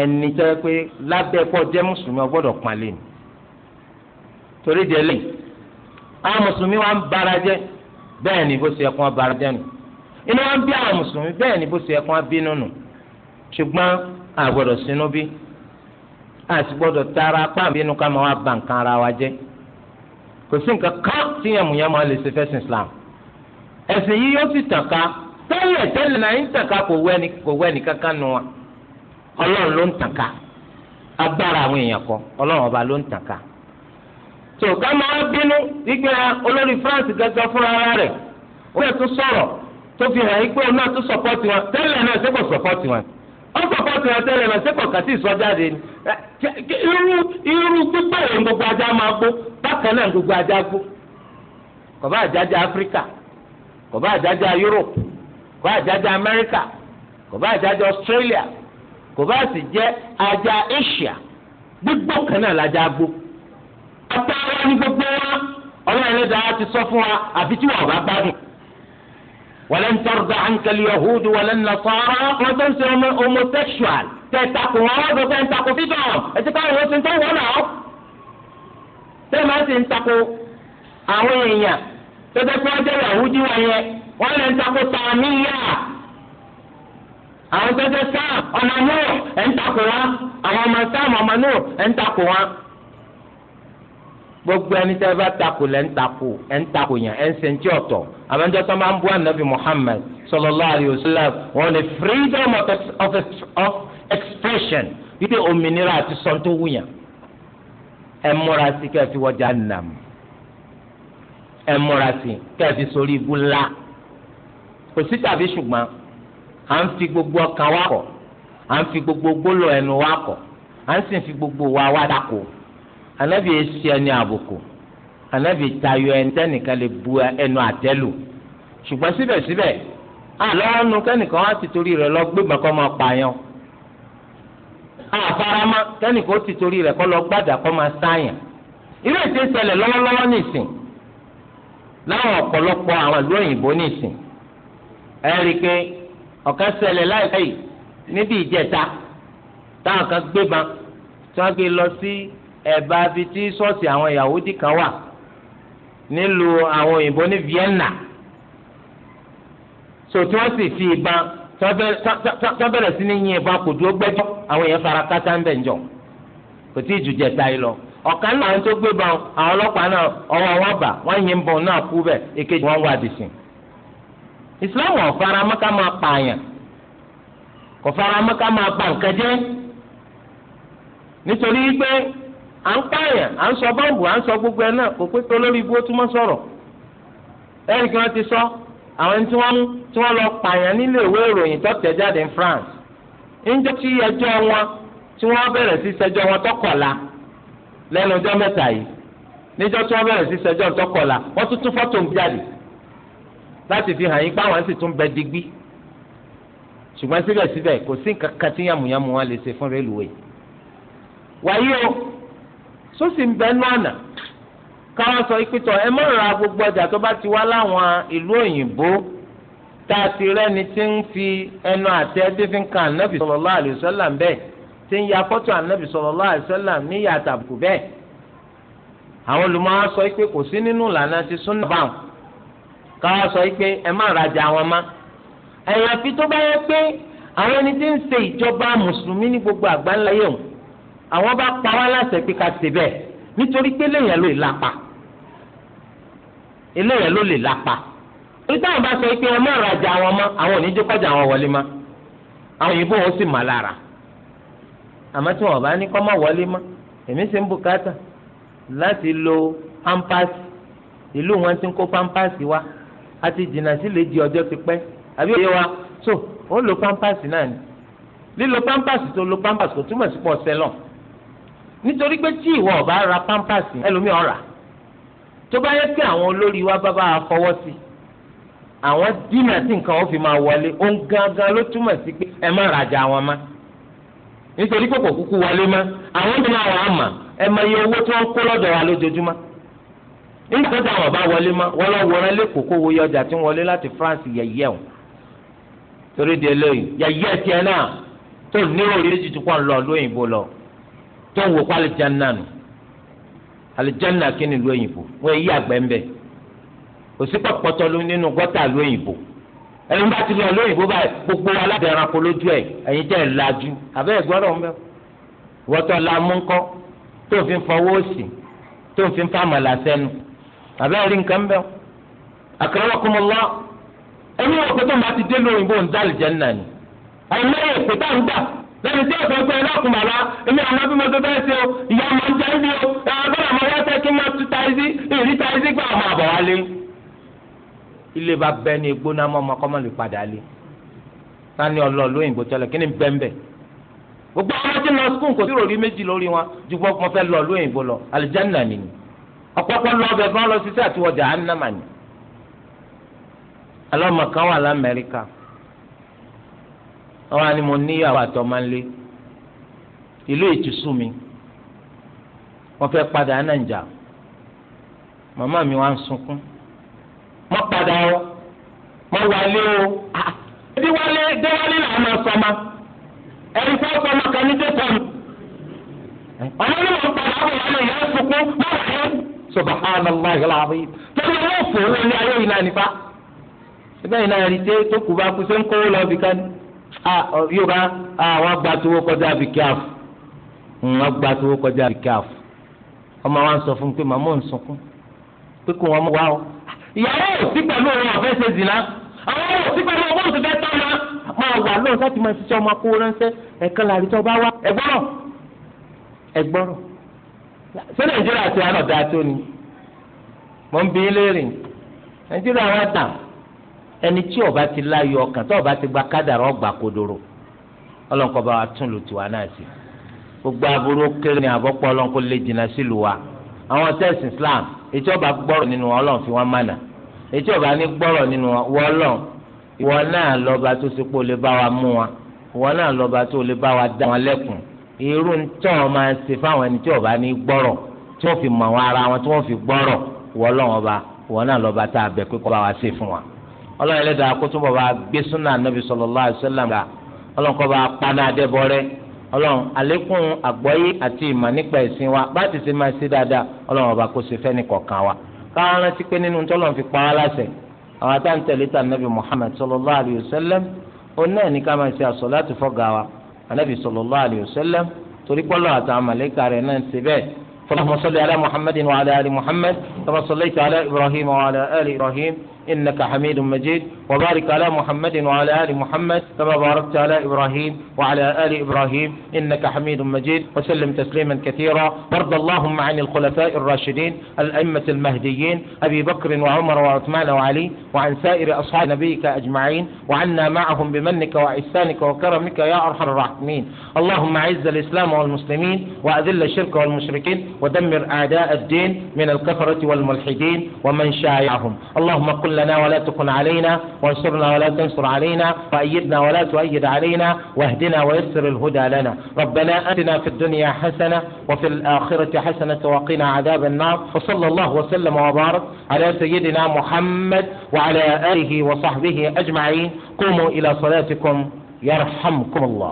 ẹni tó yẹ pé lábẹ́ pọ̀ jẹ́ mùsùlùmí ọgbọ́dọ̀ pọ́nlé ni torí díẹ̀ lẹ́yìn àwọn mùsùlùmí wa ń bara jẹ́ bẹ́ẹ̀ ni bó ṣe yẹ kó wọn bara jẹ́ nù inú wọn bí àwọn mùsùlùmí bẹ́ẹ̀ ni bó ṣe yẹ kó bínú nù ṣùgbọ́n àgbọ́dọ̀ sínú bí àti gbọ́dọ̀ tara pàbínú ká máa wá ba nǹkan ara wa jẹ́ kò sí nǹkan kan tí lè ṣe islam ẹ̀sìn yìí yóò sì tàn ká tẹ́lẹ̀ tẹ́lẹ̀ náà ń tàn ká kò wẹ́ ni kò wẹ́ ni kankan nu ọlọ́run ló ń tàn ká agbára àwọn èèyàn ọlọ́run ọba ló ń tàn ká tó ká máa bínú gbígbé olórí France gẹ́gẹ́ fúnra rẹ̀ ó yẹ tó sọ̀rọ̀ tó fi hàn yín pé òun náà tó sọ̀pọ̀tì wọn tẹ́lẹ̀ náà ṣé kò sọ̀pọ̀tì wọn ó sọ̀pọ̀tì wọn tẹ́lẹ̀ náà ṣé kò bákan náà gbogbo ajagbó kò bá àjájá áfíríkà kò bá àjájá yúróòpù kò bá àjájá amẹ́ríkà kò bá àjájá australia kò bá sì jẹ́ ajá asia gbogbo kan náà lajá gbó ọ̀tá wa ní gbogbo wa ọlọ́run ẹlẹ́dàá ti sọ fún wa àfi tí wọ́n bá gbádùn. ولن ترضى عنك اليهود ولا النصارى wọ́n tó ń ṣe homosexual tẹ̀ takò wọ́n wọ́n tó ń takò fídọ̀ ẹ̀ ti ká ìwé tuntun wọ́n náà bẹ́ẹ̀ máa ń ṣe ń takò àwọn èèyàn tẹ́tẹ́ kí wọ́n jẹ́ yahudi wa yẹn wọ́n lè ń takò tààmìyà àwọn tẹ́tẹ́ sáà ọmọ náà ẹ̀ ń takò wọn àwọn ọmọ sáà ọmọ náà ẹ̀ ń takò wọn gbogbo ẹni tẹ́ bá takò lẹ́ ń takò ẹ̀ ń takò yẹn ẹ̀ ń ṣe ń tí ọ̀tọ̀ àbẹ̀jọ́ tó máa ń bu anabi Muhammad sallallahu alayhi wa sallam wọn ni freedom of, of, of expression wípé òmìnira àti sọ́ńtò wúyàn ẹ múra sí kẹ́ ẹ fi wọ Jahannam ẹ sí kẹ́ ẹ fi sórí ibu ńlá kò sí tàbí ṣùgbọ́n à ń fi gbogbo ọkàn wa kọ̀ à ń fi gbogbo gbólò ẹnu wa kọ̀ à ń sì fi gbogbo wa wa dako ànábì esi ẹni àbùkù ànábì tayọ ẹni tẹnìkan lè bu ẹnu àtẹ́lù ṣùgbọ́n síbẹ̀síbẹ̀ àlọ́ ọ̀nù kẹ́nìkan wá ti torí rẹ̀ lọ gbé bàkọ́ máa pààyàn àfarama kẹ́ni kò ti torí rẹ̀ kọ́ lọ gbàdà kọ́ máa sáyàn ilé ìṣe ìṣẹ̀lẹ̀ lọ́wọ́lọ́wọ́ nìsín láwọn ọ̀pọ̀lọpọ̀ àwọn ìlú òyìnbó nìsín ẹ rí i pé ọ̀kan ṣẹlẹ̀ láìpẹ́ yìí níbi ìjẹta táwọn kan gbébọn tí wọ́n gbé lọ sí ẹ̀bá bíi tí ṣọ́ọ̀ṣì àwọn Yahudi kan wà nílùú àwọn òyìnbó ní Vienna so tí wọ́n fi ìbọn tọ́bẹ̀rẹ̀ sí ní yin ìbọn kò dúró gbẹ́jọ́ àwọn èèyàn fara kátá ń bẹ̀ ń jọ kò tí ì jù jẹta yìí lọ ọ̀kan náà àwọn tó gbé àwọn ọlọ́pàá náà ọwọ́ bà wọ́n Islam ò fara mọ́ ká máa pààyàn kò fara mọ́ ká máa bà nǹkan jẹ́ nítorí pé à ń pààyàn à ń sọ à ń sọ gbogbo àwọn tí wọ́n mú tí wọ́n lọ pààyàn nílé ìwé ìròyìn tó jáde ní France níjọ́ tí ẹjọ́ wọn tí wọ́n bẹ̀rẹ̀ sí ṣẹjọ́ wọn tọkọ̀la lẹ́nu ọjọ́ mẹ́ta yìí níjọ́ tí wọ́n bẹ̀rẹ̀ sí ṣẹjọ́ tọkọ̀la wọ́n tún tún fọ́tò ń jáde láti fi hàn yín pé àwọn sì tún bẹ digbí ṣùgbọ́n síbẹ̀síbẹ̀ kò sí nǹkan kan tí yàmùyàmù wọn lè ṣe fún rélùwé wàyí o sósì ń bẹ nú ọ̀nà káwọn sọ ìpìtọ̀ ẹ má ra gbogbo ọjà tó bá ti wá láwọn ìlú òyìnbó tá a ti rẹ́ni tí ń fi ẹnu àtẹ dífínkan ànábì sallallahu alaihi wasallam bẹ́ẹ̀ tí ń ya fọ́tò ànábì sallallahu alaihi wasallam ní ìyá àtàbùkù bẹ́ẹ̀ àwọn olùmọ̀ọ́ sọ pé kò sí nínú ìlànà ti súnà báwọn káwọn sọ pé ẹ má rajà wọn má ẹ̀yàn fi tó bá yẹ pé àwọn ẹni tí ń ṣe ìjọba mùsùlùmí ní gbogbo àgbáńláyé òun àwọn bá pa wá láṣẹ pé ká ṣe bẹ́ẹ̀ nítorí pé léèyàn ló ìlapa eléyàn ló lè lápa torí táwọn bá sọ pé ẹ má rajà àwọn mọ́ àwọn ò kọjá àwọn wọlé mọ́ àwọn òyìnbó wọn sì mọ lára àmọ tí wọn bá ní kọ́ má wọlé mọ́ èmi sì ń bùkátà láti lo pampers ìlú wọn ti ń kó pampers wa àti jìnnà sí lè di ọjọ́ ti àbí òye wa tó ó lo pampers náà ni lílo pampers tó lo pampers kò túmọ̀ sí pọ̀ sẹ́lọ̀ nítorí pé tí ìwọ ọ̀bá ra pampers ẹlòmíì ọ̀rà tó bá yẹ kí àwọn olórí wa bá bá a fọwọ́ sí àwọn dínà tí nǹkan ó fi máa wọlé òun gangan ló túmọ̀ sí pé ẹ má rajà wọn má nítorí pé kò kúkú wọlé má àwọn ìdílé àwọn àmà ẹ má iye owó tí wọ́n kó lọ́dọ̀ wa lójoojúmọ́ nígbà tí àwọn bá wọlé má wọ́n lọ wọrán lẹ́kọ̀ọ́ kó wọlé ọjà tí wọlé láti France yẹ̀yẹ́ o torí di eléyìí yẹ̀yẹ́ tiẹ̀ náà tó ní orí ojútùú pọ̀ ń lọ lóyìnbó lọ tó ń wò pálí jẹ́ náà nù alìjẹ́nà kínní ìlú òyìnbó wọ́n èyí àgbẹ̀ ń bẹ̀ kò sí pọ̀pọ̀tọ̀ ló nínú gọ́tà ìlú òyìnbó ẹni bá ti lọ ìlú òyìnbó báyìí gbogbo aládẹ̀ranko lójú ẹ̀ ẹ̀yin jẹ́ ìlàjú àbẹ́ ìgbọ́dọ̀ ń bẹ̀ la mú ńkọ́ tó fi ń fọwọ́ sí tó fi ń fa màlà sẹ́nu àbẹ́ rí nǹkan bẹ̀ akramakumullah ẹni wọ́n pẹ̀tọ́ máa ti dé lóyìnbó ń dá àlìjẹ́nà ni àìmọ́ lẹ́yìn tí ọ̀sán pé ẹlọ́kùn bàbá èmi àwọn bí mo ti fẹ́ o ìyá ọmọ ń jẹ́ ń bí o ẹ̀rọ bọ́lá mo wá tẹ́ kí n máa tu táyísí ìrí táyísí gbà ọmọ àbọ̀ wálé. ilé bá bẹ ní egbó náà mọ́ ọmọ kọ́ mọ́ lè padà lé sani ọlọ lóyìnbó tẹ́lẹ̀ kí ni bẹ́ńbẹ́ gbogbo ọmọ tí lọ skul kò sí ròrí méjì lórí wọn ju gbọ́ mo fẹ́ lọ lóyìnbó lọ alìjánà nìyí ọ̀pọ̀pọ̀ lọ ọbẹ̀ fún ọ lọ sí sí àtiwọ̀jà ánámà ni alọ́mọ kan wà àwọn àni mo níyàwó àtọ́mánlé ìlú ìtúsù mi wọ́n fẹ́ padà nàìjà màmá mi wá ń sunkún mọ́ padà o mọ́ wálé o ah, ẹbí wálé déwálé làwọn máa sọ ma ẹni fẹ́ sọ ma kàn ní dẹ́tọ̀ mi ọ̀nà ní mo padà wọ̀ wálé ìyá sunkún mọ́ wálé subhanallahi alazim torí wọn fò wọn ní ayé yìí náà nípa ẹgbẹ́ yìí náà rí i dé tó kù bá kú sí lọ́ọ́ bìkan ní. Ah, uh, yorùbá àwọn ah, gba tó wó kọjá àbí káfù hmm, wọn gba tó wó kọjá àbí káfù ọmọ wa ń sọ fún mi pé màmá ò ń sunkún pé kò wọn wá o ìyàwó ò sí pẹ̀lú òun ọ̀fẹ́ ṣe zìlá àwọn ò sí pẹ̀lú ọmọ òsì fẹ́ tán wọn máa wà lóun láti máa ṣiṣẹ́ ọmọ kó ránṣẹ́ ẹ̀kan làrí tó bá wá ẹ̀gbọ́rọ̀ ẹ̀gbọ́rọ̀ ṣé nàìjíríà ti àná dáa tó ni mò ń bí léèrè nàìjíríà wọn tà ẹni tí ó bá ti láyọ̀ ọkàn tí ó bá ti gba kádàrá ọgbà kodoro ọlọ́nkọ́ bá wa tún lù tiwa náà sí gbogbo aburú kéré ni àbọ̀pọ̀ ọlọ́nkọ́ lè jìnnà sílùú wa àwọn tẹ́sí Islam ètí ọba gbọ́rọ̀ nínú ọlọ́run fi wọ́n mànà ètí ọba ní gbọ́rọ̀ nínú wọ́ọ̀lọ́run ìwọ náà lọ́ba tó ti pò lè bá wa mú wa ìwọ náà lọ́ba tó lè bá wa dá wọn lẹ́kùn irú ń tọ́ ọ máa ṣe fáwọn ẹni tí ọba ní gbọ́rọ̀ tí wọ́n fi mọ̀ wọn ara wọn tí wọ́n fi gbọ́rọ̀ wọ́ọ̀lọ́run náà lọ́ba tá a bẹ̀ pé kó bá wa ṣe fún wa ọlọ́run ẹlẹ́dàá kó túnbọ̀ bá gbé súnà nàbì sallallahu alaihi wasallam ga ọlọ́run kó bá paná adébọ̀rẹ́ ọlọ́run àlékún àgbọ́yé àti ìmọ̀ nípa ẹ̀sìn wa bá ti ṣe máa ṣe dáadáa ọlọ́run ọba kó ṣe fẹ́ ní kọ̀ọ̀kan wa káwọn rántí pé nínú tọ́lọ́run fi pa wá láṣẹ àwọn àtàǹtẹ̀lẹ́ tà nàbì Muhammad sallallahu alaihi wasallam òun náà ní ká máa ṣe àsọ̀láàtì fọ́gà wa ànábì sallallahu alaihi wasallam torí pọ́lọ́ ali Muhammad kama sallaita alá Ibrahim wa ali Ibrahim إنك حميد مجيد وبارك على محمد وعلى آل محمد كما باركت على إبراهيم وعلى آل إبراهيم إنك حميد مجيد وسلم تسليما كثيرا وارض اللهم عن الخلفاء الراشدين الأئمة المهديين أبي بكر وعمر وعثمان وعلي وعن سائر أصحاب نبيك أجمعين وعنا معهم بمنك وإحسانك وكرمك يا أرحم الراحمين اللهم أعز الإسلام والمسلمين وأذل الشرك والمشركين ودمر أعداء الدين من الكفرة والملحدين ومن شايعهم اللهم قل لنا ولا تكن علينا وانصرنا ولا تنصر علينا وأيدنا ولا تؤيد علينا واهدنا ويسر الهدى لنا ربنا أتنا في الدنيا حسنة وفي الآخرة حسنة وقنا عذاب النار وصلى الله وسلم وبارك على سيدنا محمد وعلى آله وصحبه أجمعين قوموا إلى صلاتكم يرحمكم الله